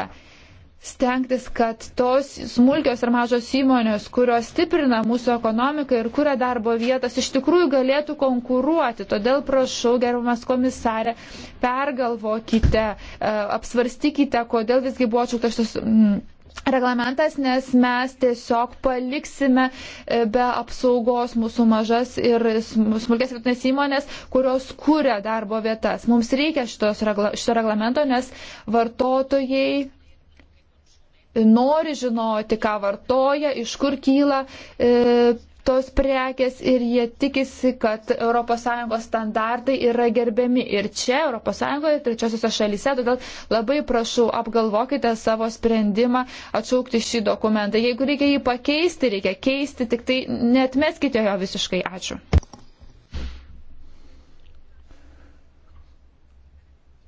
stengtis, kad tos smulkios ir mažos įmonės, kurios stiprina mūsų ekonomiką ir kuria darbo vietas, iš tikrųjų galėtų konkuruoti. Todėl prašau, gerbamas komisarė, pergalvokite, e, apsvarstykite, kodėl visgi buvo atšauktas šitas. Mm, reglamentas, nes mes tiesiog paliksime e, be apsaugos mūsų mažas ir smulkės vietinės įmonės, kurios kūrė darbo vietas. Mums reikia šitos, šito reglamento, nes vartotojai nori žinoti, ką vartoja, iš kur kyla e, tos prekės ir jie tikisi, kad ES standartai yra gerbiami ir čia ES ir trečiosiuose šalyse. Todėl labai prašau, apgalvokite savo sprendimą atšaukti šį dokumentą. Jeigu reikia jį pakeisti, reikia keisti, tik tai netmeskite jo visiškai. Ačiū.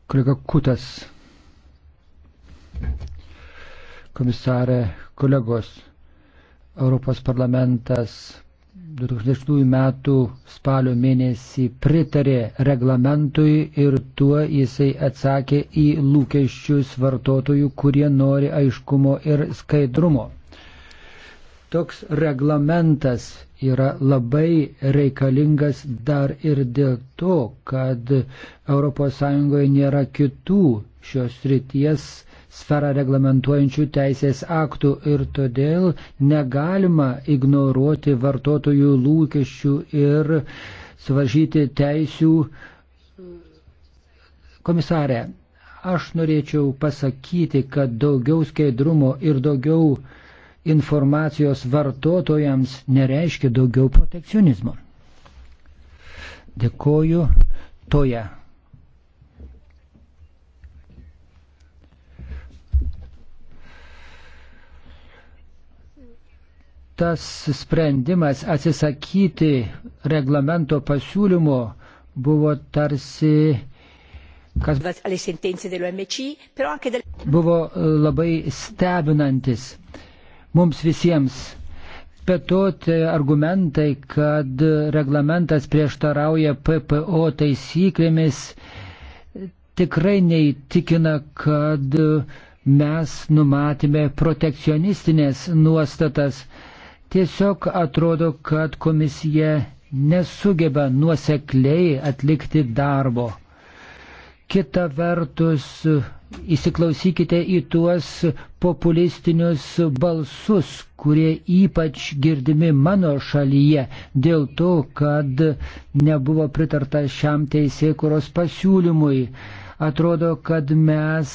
Kolega Kutas, komisarė, kolegos, Europos parlamentas 2006 metų spalio mėnesį pritarė reglamentui ir tuo jisai atsakė į lūkesčius vartotojų, kurie nori aiškumo ir skaidrumo. Toks reglamentas yra labai reikalingas dar ir dėl to, kad ES nėra kitų šios ryties sferą reglamentuojančių teisės aktų ir todėl negalima ignoruoti vartotojų lūkesčių ir suvaržyti teisių. Komisarė, aš norėčiau pasakyti, kad daugiau skaidrumo ir daugiau informacijos vartotojams nereiškia daugiau protekcionizmo. Dėkoju toje. tas sprendimas atsisakyti reglamento pasiūlymo buvo tarsi kas buvo labai stebinantis mums visiems. Bet to tai argumentai, kad reglamentas prieštarauja PPO taisyklėmis, tikrai neįtikina, kad mes numatėme protekcionistinės nuostatas Tiesiog atrodo, kad komisija nesugeba nuosekliai atlikti darbo. Kita vertus, įsiklausykite į tuos populistinius balsus, kurie ypač girdimi mano šalyje dėl to, kad nebuvo pritarta šiam teisėkuros pasiūlymui. Atrodo, kad mes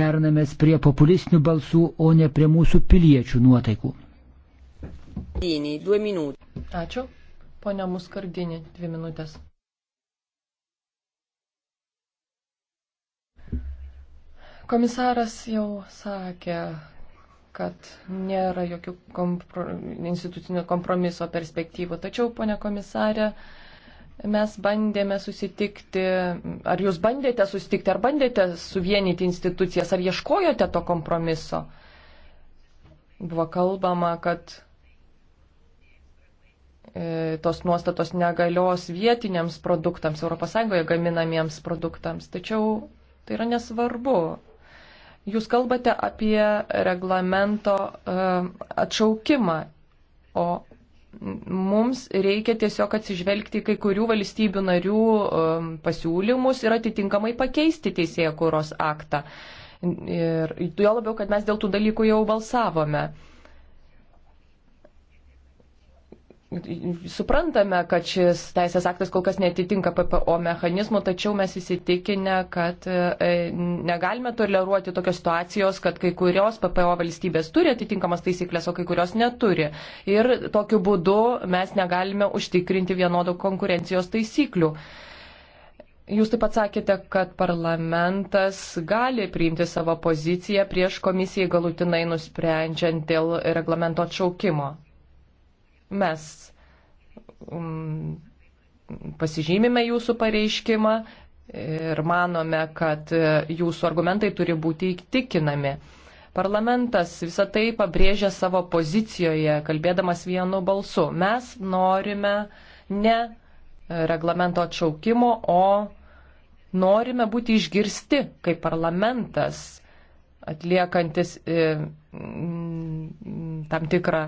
dernamės prie populistinių balsų, o ne prie mūsų piliečių nuotaikų. Dini, dvi minutės. Ačiū. Pone Muskardinį, dvi minutės. Komisaras jau sakė, kad nėra jokių kompro, institucinio kompromiso perspektyvų. Tačiau, ponė komisarė, mes bandėme susitikti, ar jūs bandėte susitikti, ar bandėte suvienyti institucijas, ar ieškojote to kompromiso. Buvo kalbama, kad E, tos nuostatos negalios vietiniams produktams, ES gaminamiems produktams. Tačiau tai yra nesvarbu. Jūs kalbate apie reglamento e, atšaukimą, o mums reikia tiesiog atsižvelgti kai kurių valstybių narių e, pasiūlymus ir atitinkamai pakeisti teisėje kūros aktą. Ir jo labiau, kad mes dėl tų dalykų jau balsavome. Suprantame, kad šis teisės aktas kol kas netitinka PPO mechanizmų, tačiau mes įsitikinę, kad e, e, negalime toleruoti tokios situacijos, kad kai kurios PPO valstybės turi atitinkamas taisyklės, o kai kurios neturi. Ir tokiu būdu mes negalime užtikrinti vienodų konkurencijos taisyklių. Jūs taip pat sakėte, kad parlamentas gali priimti savo poziciją prieš komisijai galutinai nusprendžiant dėl reglamento atšaukimo. Mes um, pasižymime jūsų pareiškimą ir manome, kad e, jūsų argumentai turi būti įtikinami. Parlamentas visą tai pabrėžia savo pozicijoje, kalbėdamas vienu balsu. Mes norime ne e, reglamento atšaukimo, o norime būti išgirsti kaip parlamentas atliekantis e, mm, tam tikrą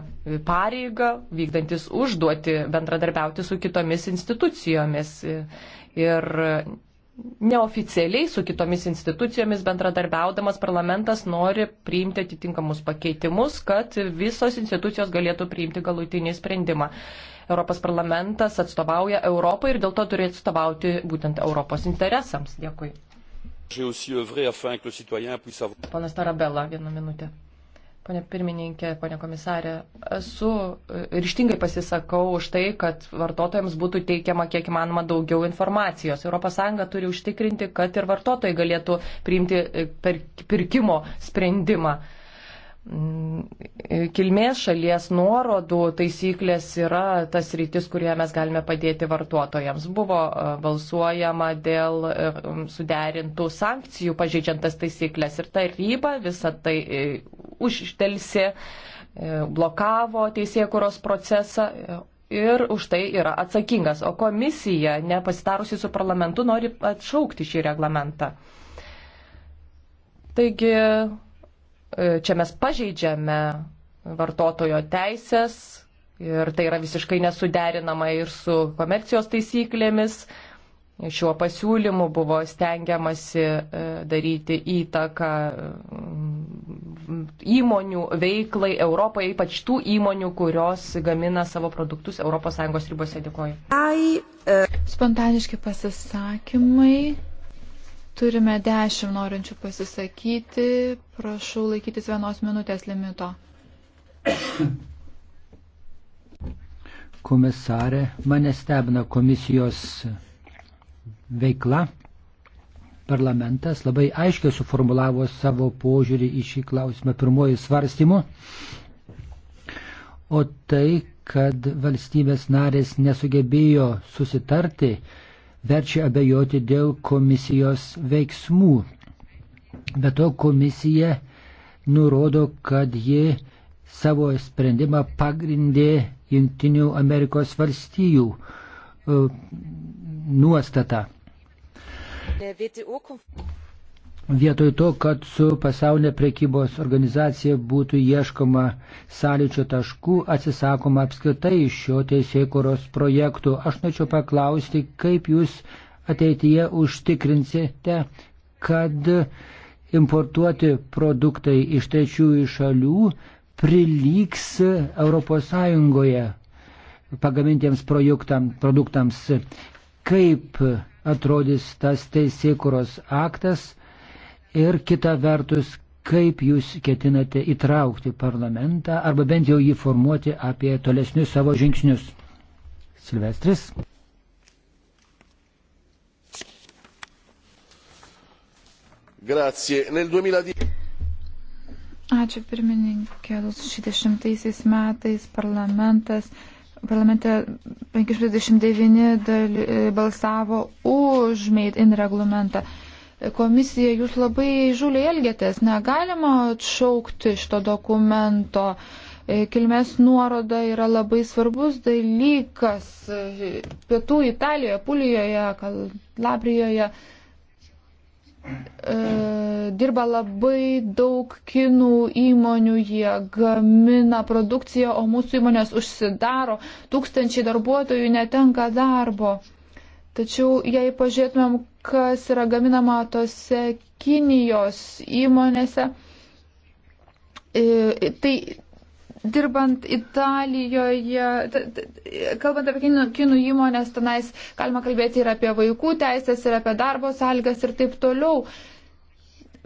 pareigą, vykdantis užduoti, bendradarbiauti su kitomis institucijomis e, ir neoficialiai su kitomis institucijomis bendradarbiaudamas parlamentas nori priimti atitinkamus pakeitimus, kad visos institucijos galėtų priimti galutinį sprendimą. Europos parlamentas atstovauja Europai ir dėl to turi atstovauti būtent Europos interesams. Dėkui. Panas Tarabela, vieną minutę. Pone pirmininkė, pone komisarė, esu e, ryštingai pasisakau už tai, kad vartotojams būtų teikiama kiek įmanoma daugiau informacijos. ES turi užtikrinti, kad ir vartotojai galėtų priimti e, pirkimo sprendimą. Mm, kilmės šalies nuorodų taisyklės yra tas rytis, kurioje mes galime padėti vartotojams. Buvo e, balsuojama dėl e, suderintų sankcijų pažeidžiant tas taisyklės ir taryba visą tai e, užtelsi, blokavo teisėkuros procesą. Ir už tai yra atsakingas. O komisija, nepasitarusi su parlamentu, nori atšaukti šį reglamentą. Taigi E, čia mes pažeidžiame vartotojo teisės ir tai yra visiškai nesuderinama ir su komercijos taisyklėmis. Šiuo pasiūlymu buvo stengiamasi e, daryti įtaką mm, įmonių veiklai Europoje, ypač tų įmonių, kurios gamina savo produktus ES ribose. Dėkoju. E. Spontaniški pasisakymai. Turime dešimt norinčių pasisakyti. Prašau laikytis vienos minutės limito. Komisarė, mane stebina komisijos veikla. Parlamentas labai aiškiai suformulavo savo požiūrį į šį klausimą pirmoji svarstymu. O tai, kad valstybės narės nesugebėjo susitarti, verčia abejoti dėl komisijos veiksmų. Be to komisija nurodo, kad ji savo sprendimą pagrindė Junktinių Amerikos valstijų e, nuostatą. Vietoj to, kad su pasaulinė prekybos organizacija būtų ieškoma sąlyčio taškų, atsisakoma apskritai šio teisėkuros projektų. Aš norėčiau paklausti, kaip jūs ateityje užtikrinsite, kad importuoti produktai iš trečiųjų šalių prilygs ES pagamintiems produktam, produktams. Kaip atrodys tas teisėkuros aktas? ir kita vertus, kaip jūs ketinate įtraukti parlamentą arba bent jau jį formuoti apie tolesnius savo žingsnius. Silvestris. Grazie. Nel 2010. Ačiū pirmininkė. 2010 metais parlamentas, parlamente 529 dal, balsavo už Made in reglamentą. Komisija, jūs labai žuliai elgėtės, negalima atšaukti šito dokumento. E, kilmės nuoroda yra labai svarbus dalykas e, pietų Italijoje, Pulijoje, Kalabrijoje. E, dirba labai daug kinų įmonių, jie gamina produkciją, o mūsų įmonės užsidaro, tūkstančiai darbuotojų netenka darbo. Tačiau jei pažiūrėtumėm, kas yra gaminama tose Kinijos įmonėse. E, tai dirbant Italijoje, kalbant apie kinų, kinų įmonės, tenais galima kalbėti ir apie vaikų teisės, ir apie darbo sąlygas ir taip toliau.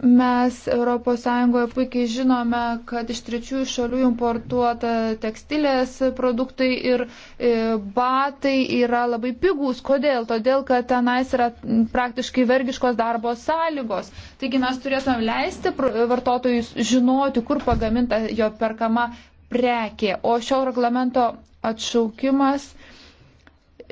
Mes ES puikiai žinome, kad iš trečiųjų šalių importuota tekstilės produktai ir e, batai yra labai pigūs. Kodėl? Todėl, kad tenais yra praktiškai vergiškos darbo sąlygos. Taigi mes turėtume leisti vartotojus žinoti, kur pagaminta jo perkama prekė. O šio reglamento atšaukimas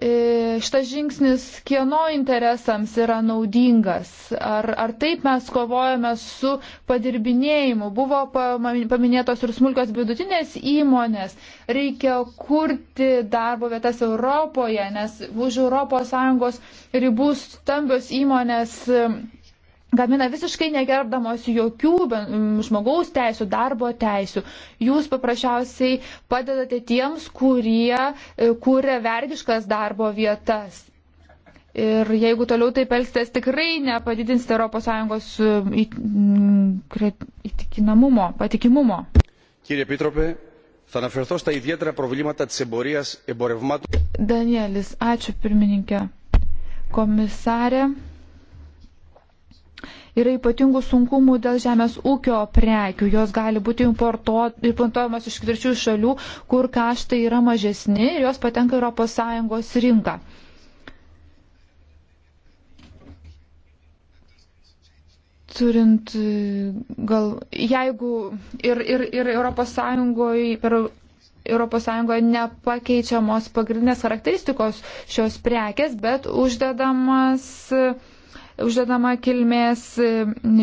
E, šitas žingsnis kieno interesams yra naudingas? Ar, ar taip mes kovojame su padirbinėjimu? Buvo paminėtos ir smulkios vidutinės įmonės. Reikia kurti darbo vietas Europoje, nes už ES ribų stambios įmonės gamina visiškai negerbdamos jokių žmogaus teisų, darbo teisų. Jūs paprasčiausiai padedate tiems, kurie e, kūrė vergiškas darbo vietas. Ir jeigu toliau taip elgsitės, tikrai nepadidinsite ES e, įtikinamumo, patikimumo. Kyrie Pitropė, θα αναφερθώ στα ιδιαίτερα προβλήματα της εμπορίας εμπορευμάτων. Danielius, ačiū pirmininkė. Komisarė. Yra ypatingų sunkumų dėl žemės ūkio prekių. Jos gali būti importuojamos iš ketvirčių šalių, kur kaštai yra mažesni ir jos patenka ES rinką. turint e, gal, jeigu ir, ir, ir Europos Sąjungoje, per Europos Sąjungoje nepakeičiamos pagrindinės charakteristikos šios prekės, bet uždedamas uh, uždedama kilmės e,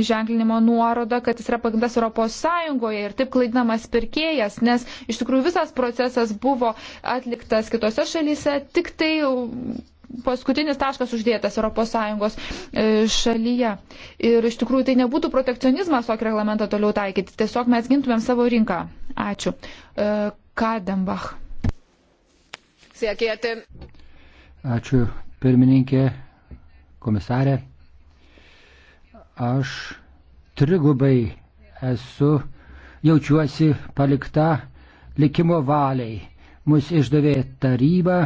ženklinimo nuoroda, kad jis yra pagrindas Europos Sąjungoje ir taip klaidinamas pirkėjas, nes iš tikrųjų visas procesas buvo atliktas kitose šalyse, tik tai paskutinis taškas uždėtas ES e, šalyje. Ir iš tikrųjų tai nebūtų protekcionizmas tokį reglamentą toliau taikyti, tiesiog mes gintumėm savo rinką. Ačiū. E, Kadambach. Siekėti. Ačiū pirmininkė, komisarė aš trigubai esu, jaučiuosi palikta likimo valiai. Mus išdavė taryba,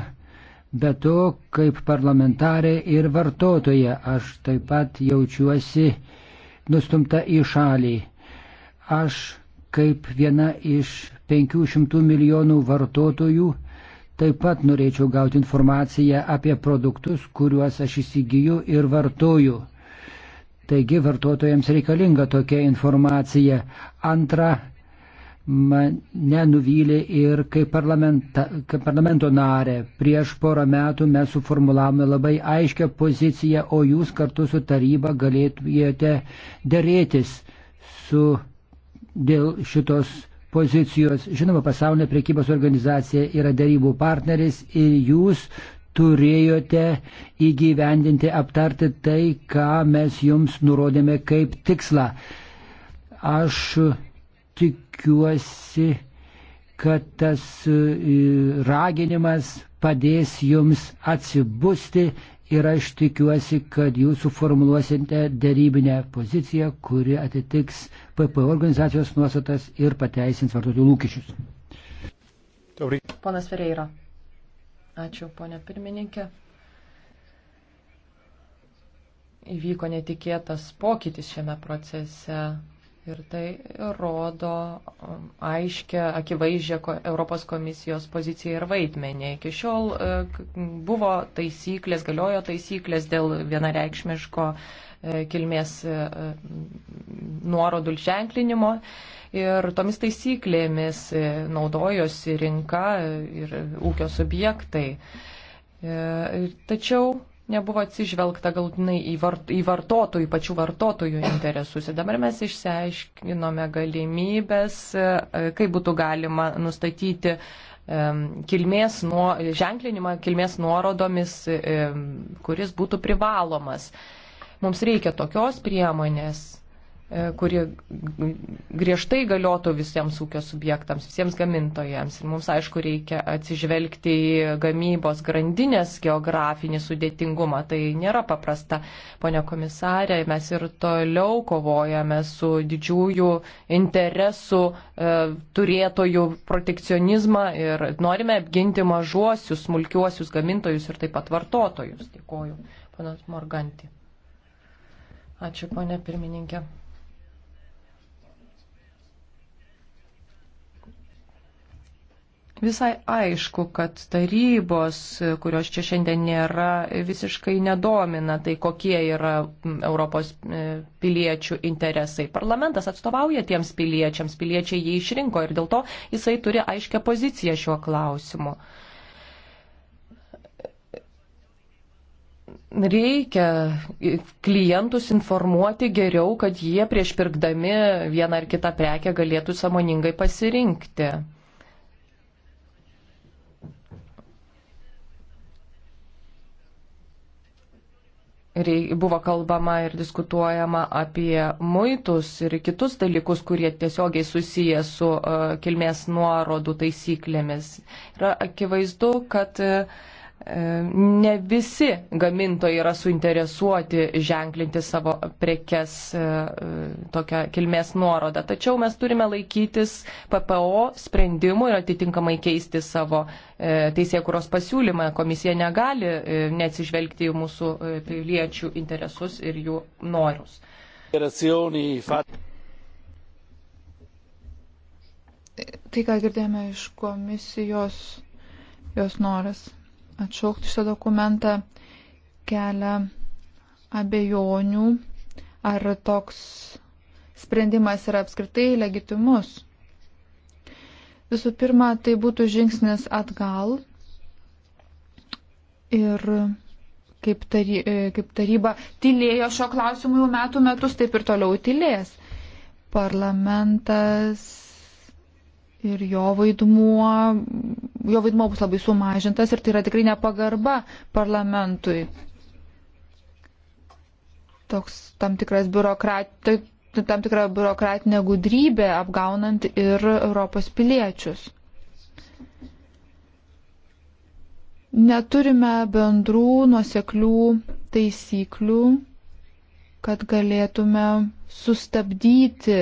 bet to kaip parlamentarė ir vartotoja aš taip pat jaučiuosi nustumta į šalį. Aš kaip viena iš 500 milijonų vartotojų taip pat norėčiau gauti informaciją apie produktus, kuriuos aš įsigyju ir vartoju. Taigi vartotojams reikalinga tokia informacija. Antra, mane nuvylė ir kaip, kaip parlamento narė. Prieš porą metų mes suformulavome labai aiškę poziciją, o jūs kartu su taryba galėtumėte dėrėtis su, dėl šitos pozicijos. Žinoma, pasaulio priekybos organizacija yra dėrybų partneris ir jūs turėjote įgyvendinti, aptarti tai, ką mes jums nurodėme kaip tikslą. Aš tikiuosi, kad tas e, raginimas padės jums atsibusti ir aš tikiuosi, kad jūs suformuluosite dėrybinę poziciją, kuri atitiks PP organizacijos nuostatas ir pateisins vartotojų lūkesčius. Ponas Ferreira. Ačiū, ponė pirmininkė. Įvyko netikėtas pokytis šiame procese ir tai rodo um, aiškę, akivaizdžią Europos komisijos poziciją ir vaidmenį. Iki šiol e, buvo taisyklės, galiojo taisyklės dėl vienareikšmiško e, kilmės e, nuorodų ženklinimo ir tomis taisyklėmis naudojosi rinka ir ūkio subjektai. E, tačiau nebuvo atsižvelgta galtinai į, vart, į vartotojų, pačių vartotojų interesus. Ir dabar mes išsiaiškinome galimybės, e, kaip būtų galima nustatyti e, kilmės nuo, ženklinimą kilmės nuorodomis, kuris būtų privalomas. Mums reikia tokios priemonės, E, kuri griežtai galiotų visiems ūkio subjektams, visiems gamintojams. Ir mums, aišku, reikia atsižvelgti į gamybos grandinės geografinį sudėtingumą. Tai nėra paprasta. Pone komisarė, mes ir toliau kovojame su didžiųjų interesų e, turėtojų protekcionizmą ir norime apginti mažuosius, smulkiuosius gamintojus ir taip pat vartotojus. Dėkoju, panas Morganti. Ačiū, ponė pirmininkė. visai aišku, kad tarybos, kurios čia šiandien nėra, visiškai nedomina tai, kokie yra Europos e, piliečių interesai. Parlamentas atstovauja tiems piliečiams, piliečiai jį išrinko ir dėl to jisai turi aiškę poziciją šiuo klausimu. reikia klientus informuoti geriau, kad jie prieš pirkdami vieną ar kitą prekę galėtų samoningai pasirinkti. buvo kalbama ir diskutuojama apie muitus ir kitus dalykus, kurie tiesiogiai susiję su uh, kilmės nuorodų taisyklėmis. Yra akivaizdu, kad uh, E, ne visi gamintojai yra suinteresuoti ženklinti savo prekes e, e, tokią kilmės nuorodą. Tačiau mes turime laikytis PPO sprendimų ir atitinkamai keisti savo teisėkuros pasiūlymą. Komisija negali neatsižvelgti į mūsų piliečių interesus ir jų norus. Tai, ką girdėjome iš komisijos, jos noras atšaukti šitą dokumentą kelia abejonių, ar toks sprendimas yra apskritai legitimus. Visų pirma, tai būtų žingsnis atgal ir kaip, tary, kaip taryba tylėjo šio klausimu jau metų metus, taip ir toliau tylės. Parlamentas ir jo vaidmuo, jo vaidmuo bus labai sumažintas ir tai yra tikrai nepagarba parlamentui. Toks tam tikras biurokratai tai tam tikra biurokratinė gudrybė apgaunant ir Europos piliečius. Neturime bendrų nuoseklių taisyklių, kad galėtume sustabdyti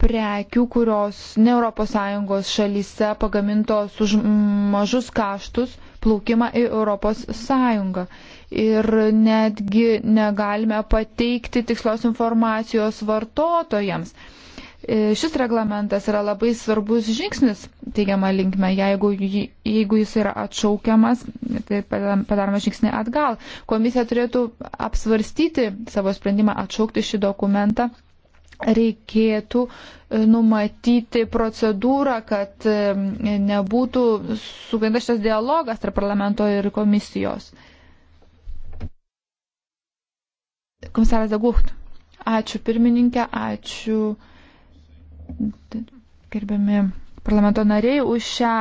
prekių, kurios ne ES šalyse pagamintos už mažus kaštus plaukimą į ES. Ir netgi negalime pateikti tikslios informacijos vartotojams. E, šis reglamentas yra labai svarbus žingsnis teigiama linkme, jeigu, jeigu jis yra atšaukiamas, tai padarome žingsnį atgal. Komisija turėtų apsvarstyti savo sprendimą atšaukti šį dokumentą reikėtų e, numatyti procedūrą, kad e, nebūtų sugaintas šitas dialogas tarp parlamento ir komisijos. Komisaras Dagucht, ačiū pirmininkė, ačiū gerbiami parlamento nariai už šią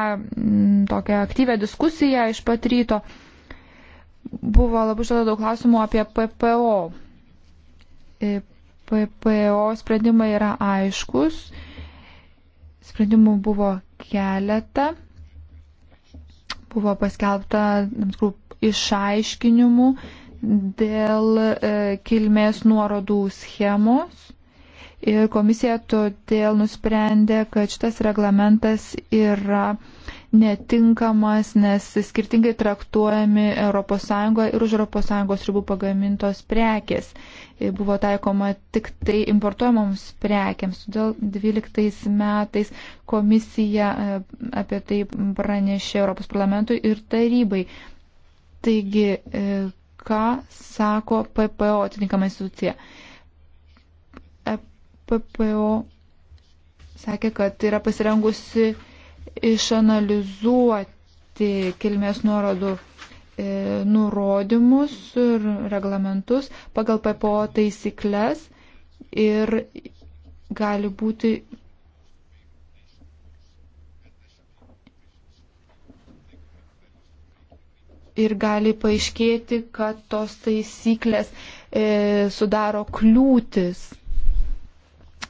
tokią aktyvę diskusiją iš pat ryto. Buvo labai žada daug klausimų apie PPO e, PPO sprendimai yra aiškus. Sprendimų buvo keletą. Buvo paskelbta tam tikrų išaiškinimų dėl e, kilmės nuorodų schemos. Ir komisija todėl nusprendė, kad šitas reglamentas yra netinkamas, nes skirtingai traktuojami ES ir už ES ribų pagamintos prekės. Buvo taikoma tik tai importuojamoms prekiams. Todėl 12 metais komisija e, apie tai pranešė Europos parlamentui ir tarybai. Taigi, e, ką sako PPO atitinkama institucija? E, PPO sakė, kad yra pasirengusi išanalizuoti kilmės nuorodų e, nurodymus ir reglamentus pagal PPO taisyklės ir gali būti ir gali paaiškėti, kad tos taisyklės e, sudaro kliūtis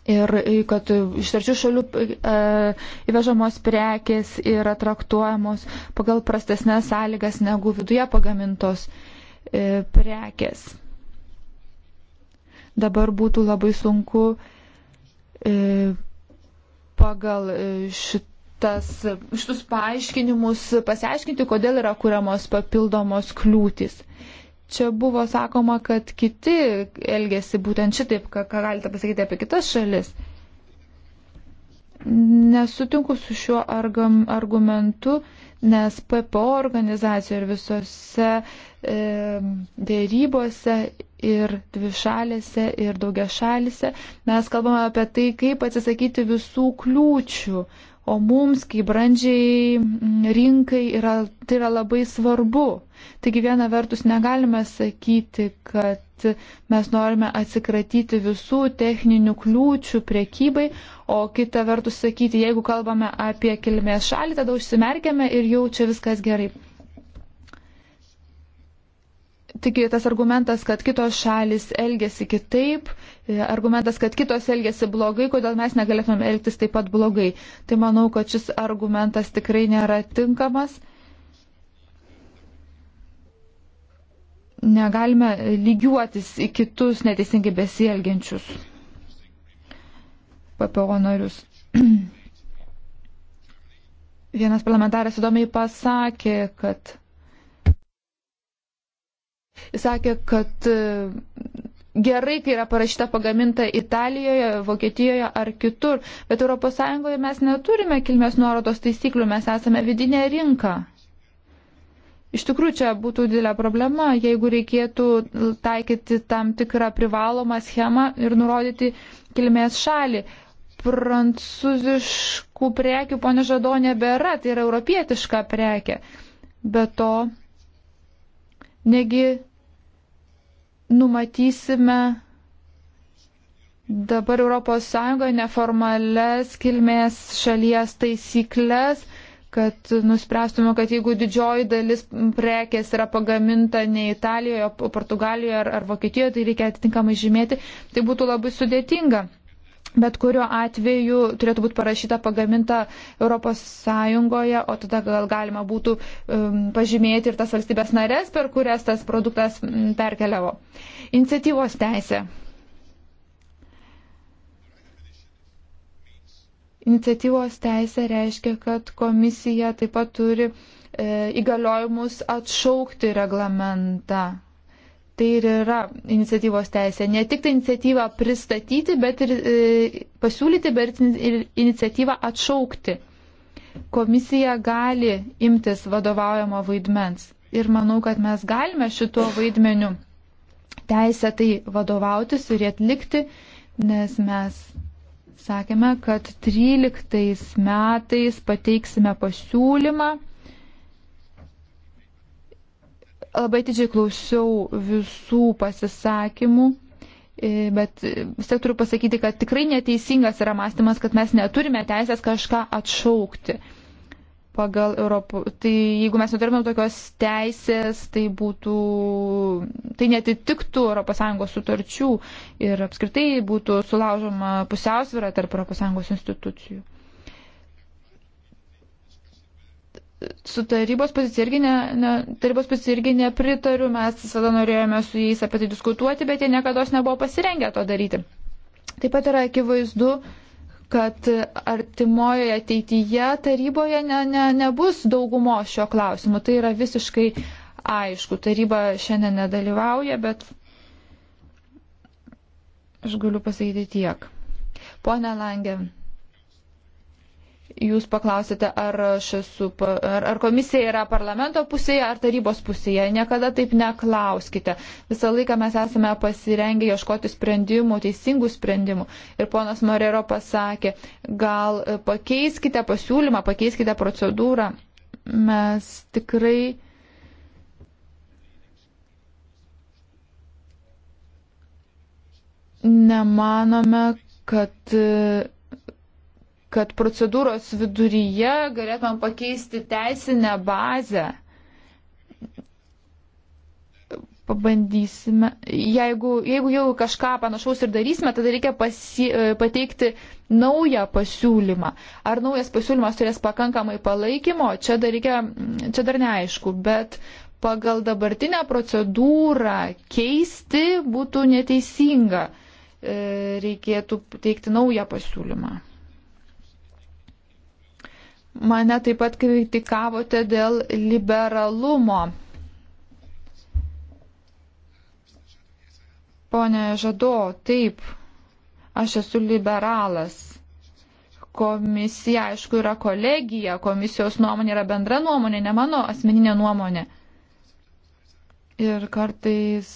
ir kad iš trečių šalių e, įvežamos prekės yra traktuojamos pagal prastesnės sąlygas negu viduje pagamintos e, prekės. Dabar būtų labai sunku e, pagal šitą tas, šitus paaiškinimus pasiaiškinti, kodėl yra kuriamos papildomos kliūtis čia buvo sakoma, kad kiti elgesi būtent šitaip, ką, ką galite pasakyti apie kitas šalis. Nesutinku su šiuo argam, argumentu, nes PPO organizacijoje ir visose e, dėrybose ir dvišalėse ir daugiašalėse mes kalbame apie tai, kaip atsisakyti visų kliūčių, O mums, kaip brandžiai mm, rinkai, yra, tai yra labai svarbu. Taigi viena vertus negalime sakyti, kad mes norime atsikratyti visų techninių kliūčių priekybai, o kita vertus sakyti, jeigu kalbame apie kilmės šalį, tada užsimerkėme ir jau čia viskas gerai. Taigi tas argumentas, kad kitos šalis elgesi kitaip, e, argumentas, kad kitos elgesi blogai, kodėl mes negalėtumėm elgtis taip pat blogai. Tai manau, kad šis argumentas tikrai nėra tinkamas. Negalime lygiuotis į kitus neteisingai besielgiančius PPO narius. Vienas parlamentaras įdomiai pasakė, kad sakė, kad e, gerai, kai yra parašyta pagaminta Italijoje, Vokietijoje ar kitur, bet ES mes neturime kilmės nuorodos taisyklių, mes esame vidinė rinka. Iš tikrųjų, čia būtų didelė problema, jeigu reikėtų taikyti tam tikrą privalomą schemą ir nurodyti kilmės šalį. Prancūziškų prekių, ponė Žado, nebėra, tai yra europietiška prekė. Be to, negi numatysime dabar ES neformales kilmės šalies taisyklės, kad nuspręstume, kad jeigu didžioji dalis prekės yra pagaminta ne Italijoje, o Portugalijoje ar, ar Vokietijoje, tai reikia atitinkamai žymėti, tai būtų labai sudėtinga. Bet kuriuo atveju turėtų būti parašyta pagaminta ES, o tada gal galima būtų um, pažymėti ir tas valstybės narės, per kurias tas produktas mm, perkeliavo. Iniciatyvos teisė. Iniciatyvos teisė reiškia, kad komisija taip pat turi e, įgaliojimus atšaukti reglamentą Tai ir yra iniciatyvos teisė. Ne tik tai iniciatyvą pristatyti, bet ir e, pasiūlyti, bet ir iniciatyvą atšaukti. Komisija gali imtis vadovaujamo vaidmens. Ir manau, kad mes galime šituo vaidmeniu teisę tai vadovautis ir atlikti, nes mes sakėme, kad 13 metais pateiksime pasiūlymą labai didžiai klausiau visų pasisakymų, e, bet vis tiek turiu pasakyti, kad tikrai neteisingas yra mąstymas, kad mes neturime teisės kažką atšaukti pagal Europą. Tai jeigu mes neturime tokios teisės, tai būtų, tai netitiktų ES sutarčių ir apskritai būtų sulaužoma pusiausvėra tarp ES institucijų. su tarybos pozicija irgi, ne, ne, tarybos pozicija irgi nepritariu, mes visada norėjome su jais apie tai diskutuoti, bet jie niekada nebuvo pasirengę to daryti. Taip pat yra akivaizdu, kad artimojoje ateityje taryboje ne, ne, nebus daugumo šio klausimu. Tai yra visiškai aišku. Taryba šiandien nedalyvauja, bet aš galiu pasakyti tiek. Pone Langen jūs paklausėte, ar, esu, ar, ar komisija yra parlamento pusėje ar tarybos pusėje. Niekada taip neklauskite. Visą laiką mes esame pasirengę ieškoti sprendimų, teisingų sprendimų. Ir ponas Morero pasakė, gal pakeiskite pasiūlymą, pakeiskite procedūrą. Mes tikrai. Nemanome, kad kad procedūros viduryje galėtumėm pakeisti teisinę bazę. Pabandysime. Jeigu, jeigu jau kažką panašaus ir darysime, tada reikia pasi, e, pateikti naują pasiūlymą. Ar naujas pasiūlymas turės pakankamai palaikymo, čia dar, reikia, čia dar neaišku, bet pagal dabartinę procedūrą keisti būtų neteisinga. E, reikėtų teikti naują pasiūlymą. Mane taip pat kritikavote dėl liberalumo. Pone Žado, taip, aš esu liberalas. Komisija, aišku, yra kolegija, komisijos nuomonė yra bendra nuomonė, ne mano asmeninė nuomonė. Ir kartais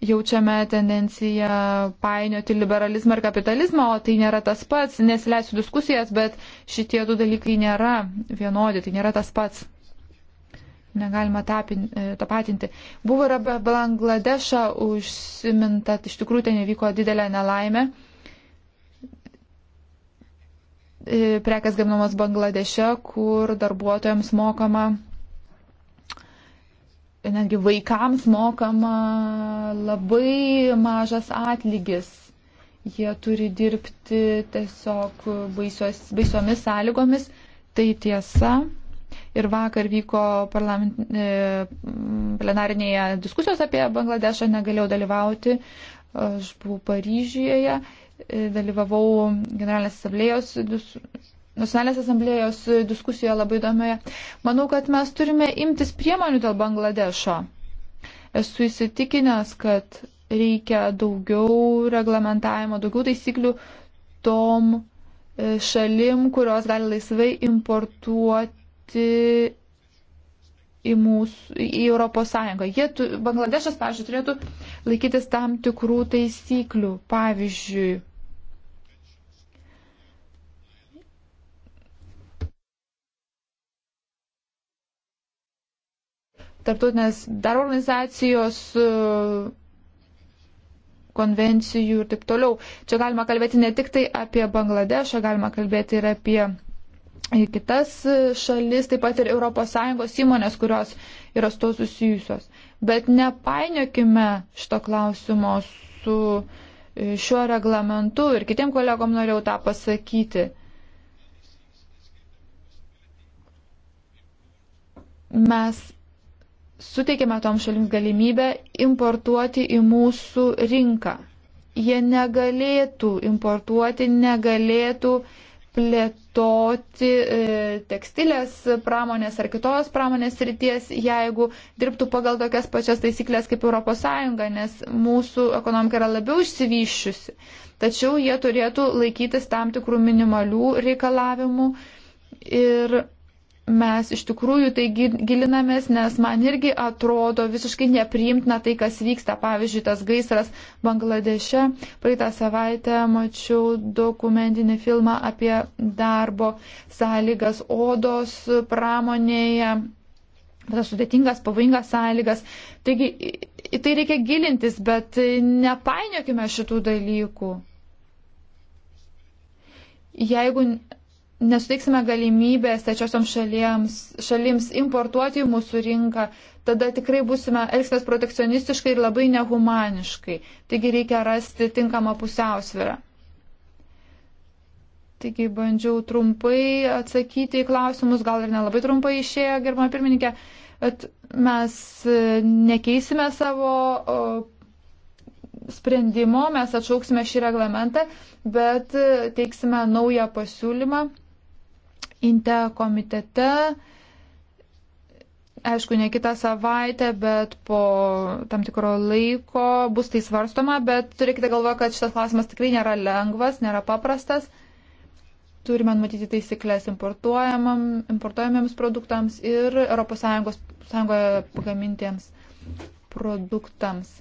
jaučiame tendenciją painioti liberalizmą ir kapitalizmą, o tai nėra tas pats. Nesileisiu diskusijas, bet šitie du dalykai nėra vienodi, tai nėra tas pats. Negalima tapin, e, tapatinti. Buvo ir apie Bangladešą užsiminta, iš tikrųjų ten įvyko didelė nelaimė. E, Prekas gaminamas Bangladeše, kur darbuotojams mokama netgi vaikams mokama labai mažas atlygis. Jie turi dirbti tiesiog baisios, baisiomis sąlygomis. Tai tiesa. Ir vakar vyko e, plenarinėje diskusijos apie Bangladešą, negalėjau dalyvauti. Aš buvau Paryžiuje, e, dalyvavau Generalinės asamblėjos Nacionalinės asamblėjos diskusijoje labai įdomioje. Manau, kad mes turime imtis priemonių dėl Bangladešo. Esu įsitikinęs, kad reikia daugiau reglamentavimo, daugiau taisyklių tom e, šalim, kurios gali laisvai importuoti į, mūsų, į Europos Sąjungą. Jie, tu, Bangladešas, pavyzdžiui, turėtų laikytis tam tikrų taisyklių. Pavyzdžiui, tarptautinės darbo organizacijos e, konvencijų ir taip toliau. Čia galima kalbėti ne tik tai apie Bangladešą, galima kalbėti ir apie e, kitas e, šalis, taip pat ir ES įmonės, kurios yra su to susijusios. Bet nepainiokime šito klausimo su šiuo reglamentu ir kitiem kolegom norėjau tą pasakyti. Mes suteikiame tom šalims galimybę importuoti į mūsų rinką. Jie negalėtų importuoti, negalėtų plėtoti e, tekstilės pramonės ar kitos pramonės ryties, jeigu dirbtų pagal tokias pačias taisyklės kaip ES, nes mūsų ekonomika yra labiau išsivyščiusi. Tačiau jie turėtų laikytis tam tikrų minimalių reikalavimų ir mes iš tikrųjų tai gilinamės, nes man irgi atrodo visiškai nepriimtina tai, kas vyksta. Pavyzdžiui, tas gaisras Bangladeše. Praeitą savaitę mačiau dokumentinį filmą apie darbo sąlygas odos pramonėje. Tas sudėtingas, pavojingas sąlygas. Taigi, į tai reikia gilintis, bet nepainiokime šitų dalykų. Jeigu nesuteiksime galimybės trečiosioms šalims, šalims importuoti į mūsų rinką, tada tikrai busime elgsimės protekcionistiškai ir labai nehumaniškai. Taigi reikia rasti tinkamą pusiausvyrą. Taigi bandžiau trumpai atsakyti į klausimus, gal ir nelabai trumpai išėjo, gerbama pirmininkė, bet mes e, nekeisime savo sprendimo, mes atšauksime šį reglamentą, bet e, teiksime naują pasiūlymą Inte komitete. Aišku, ne kitą savaitę, bet po tam tikro laiko bus tai svarstoma, bet turėkite galvoje, kad šitas klausimas tikrai nėra lengvas, nėra paprastas. Turime matyti taisyklės importuojamiems produktams ir ES pagamintiems produktams.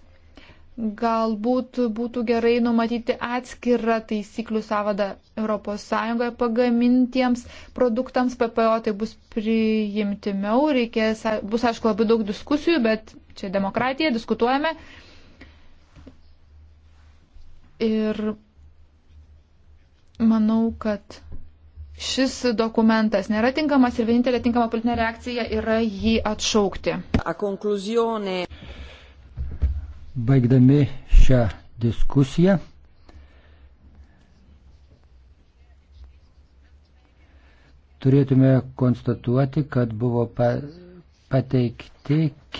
Galbūt būtų gerai numatyti atskirą taisyklių savadą ES pagamintiems produktams. PPO tai bus priimtimiau. Reikės, bus, aišku, labai daug diskusijų, bet čia demokratija, diskutuojame. Ir manau, kad šis dokumentas nėra tinkamas ir vienintelė tinkama politinė reakcija yra jį atšaukti. A konkluzione baigdami šią diskusiją. Turėtume konstatuoti, kad buvo pateikti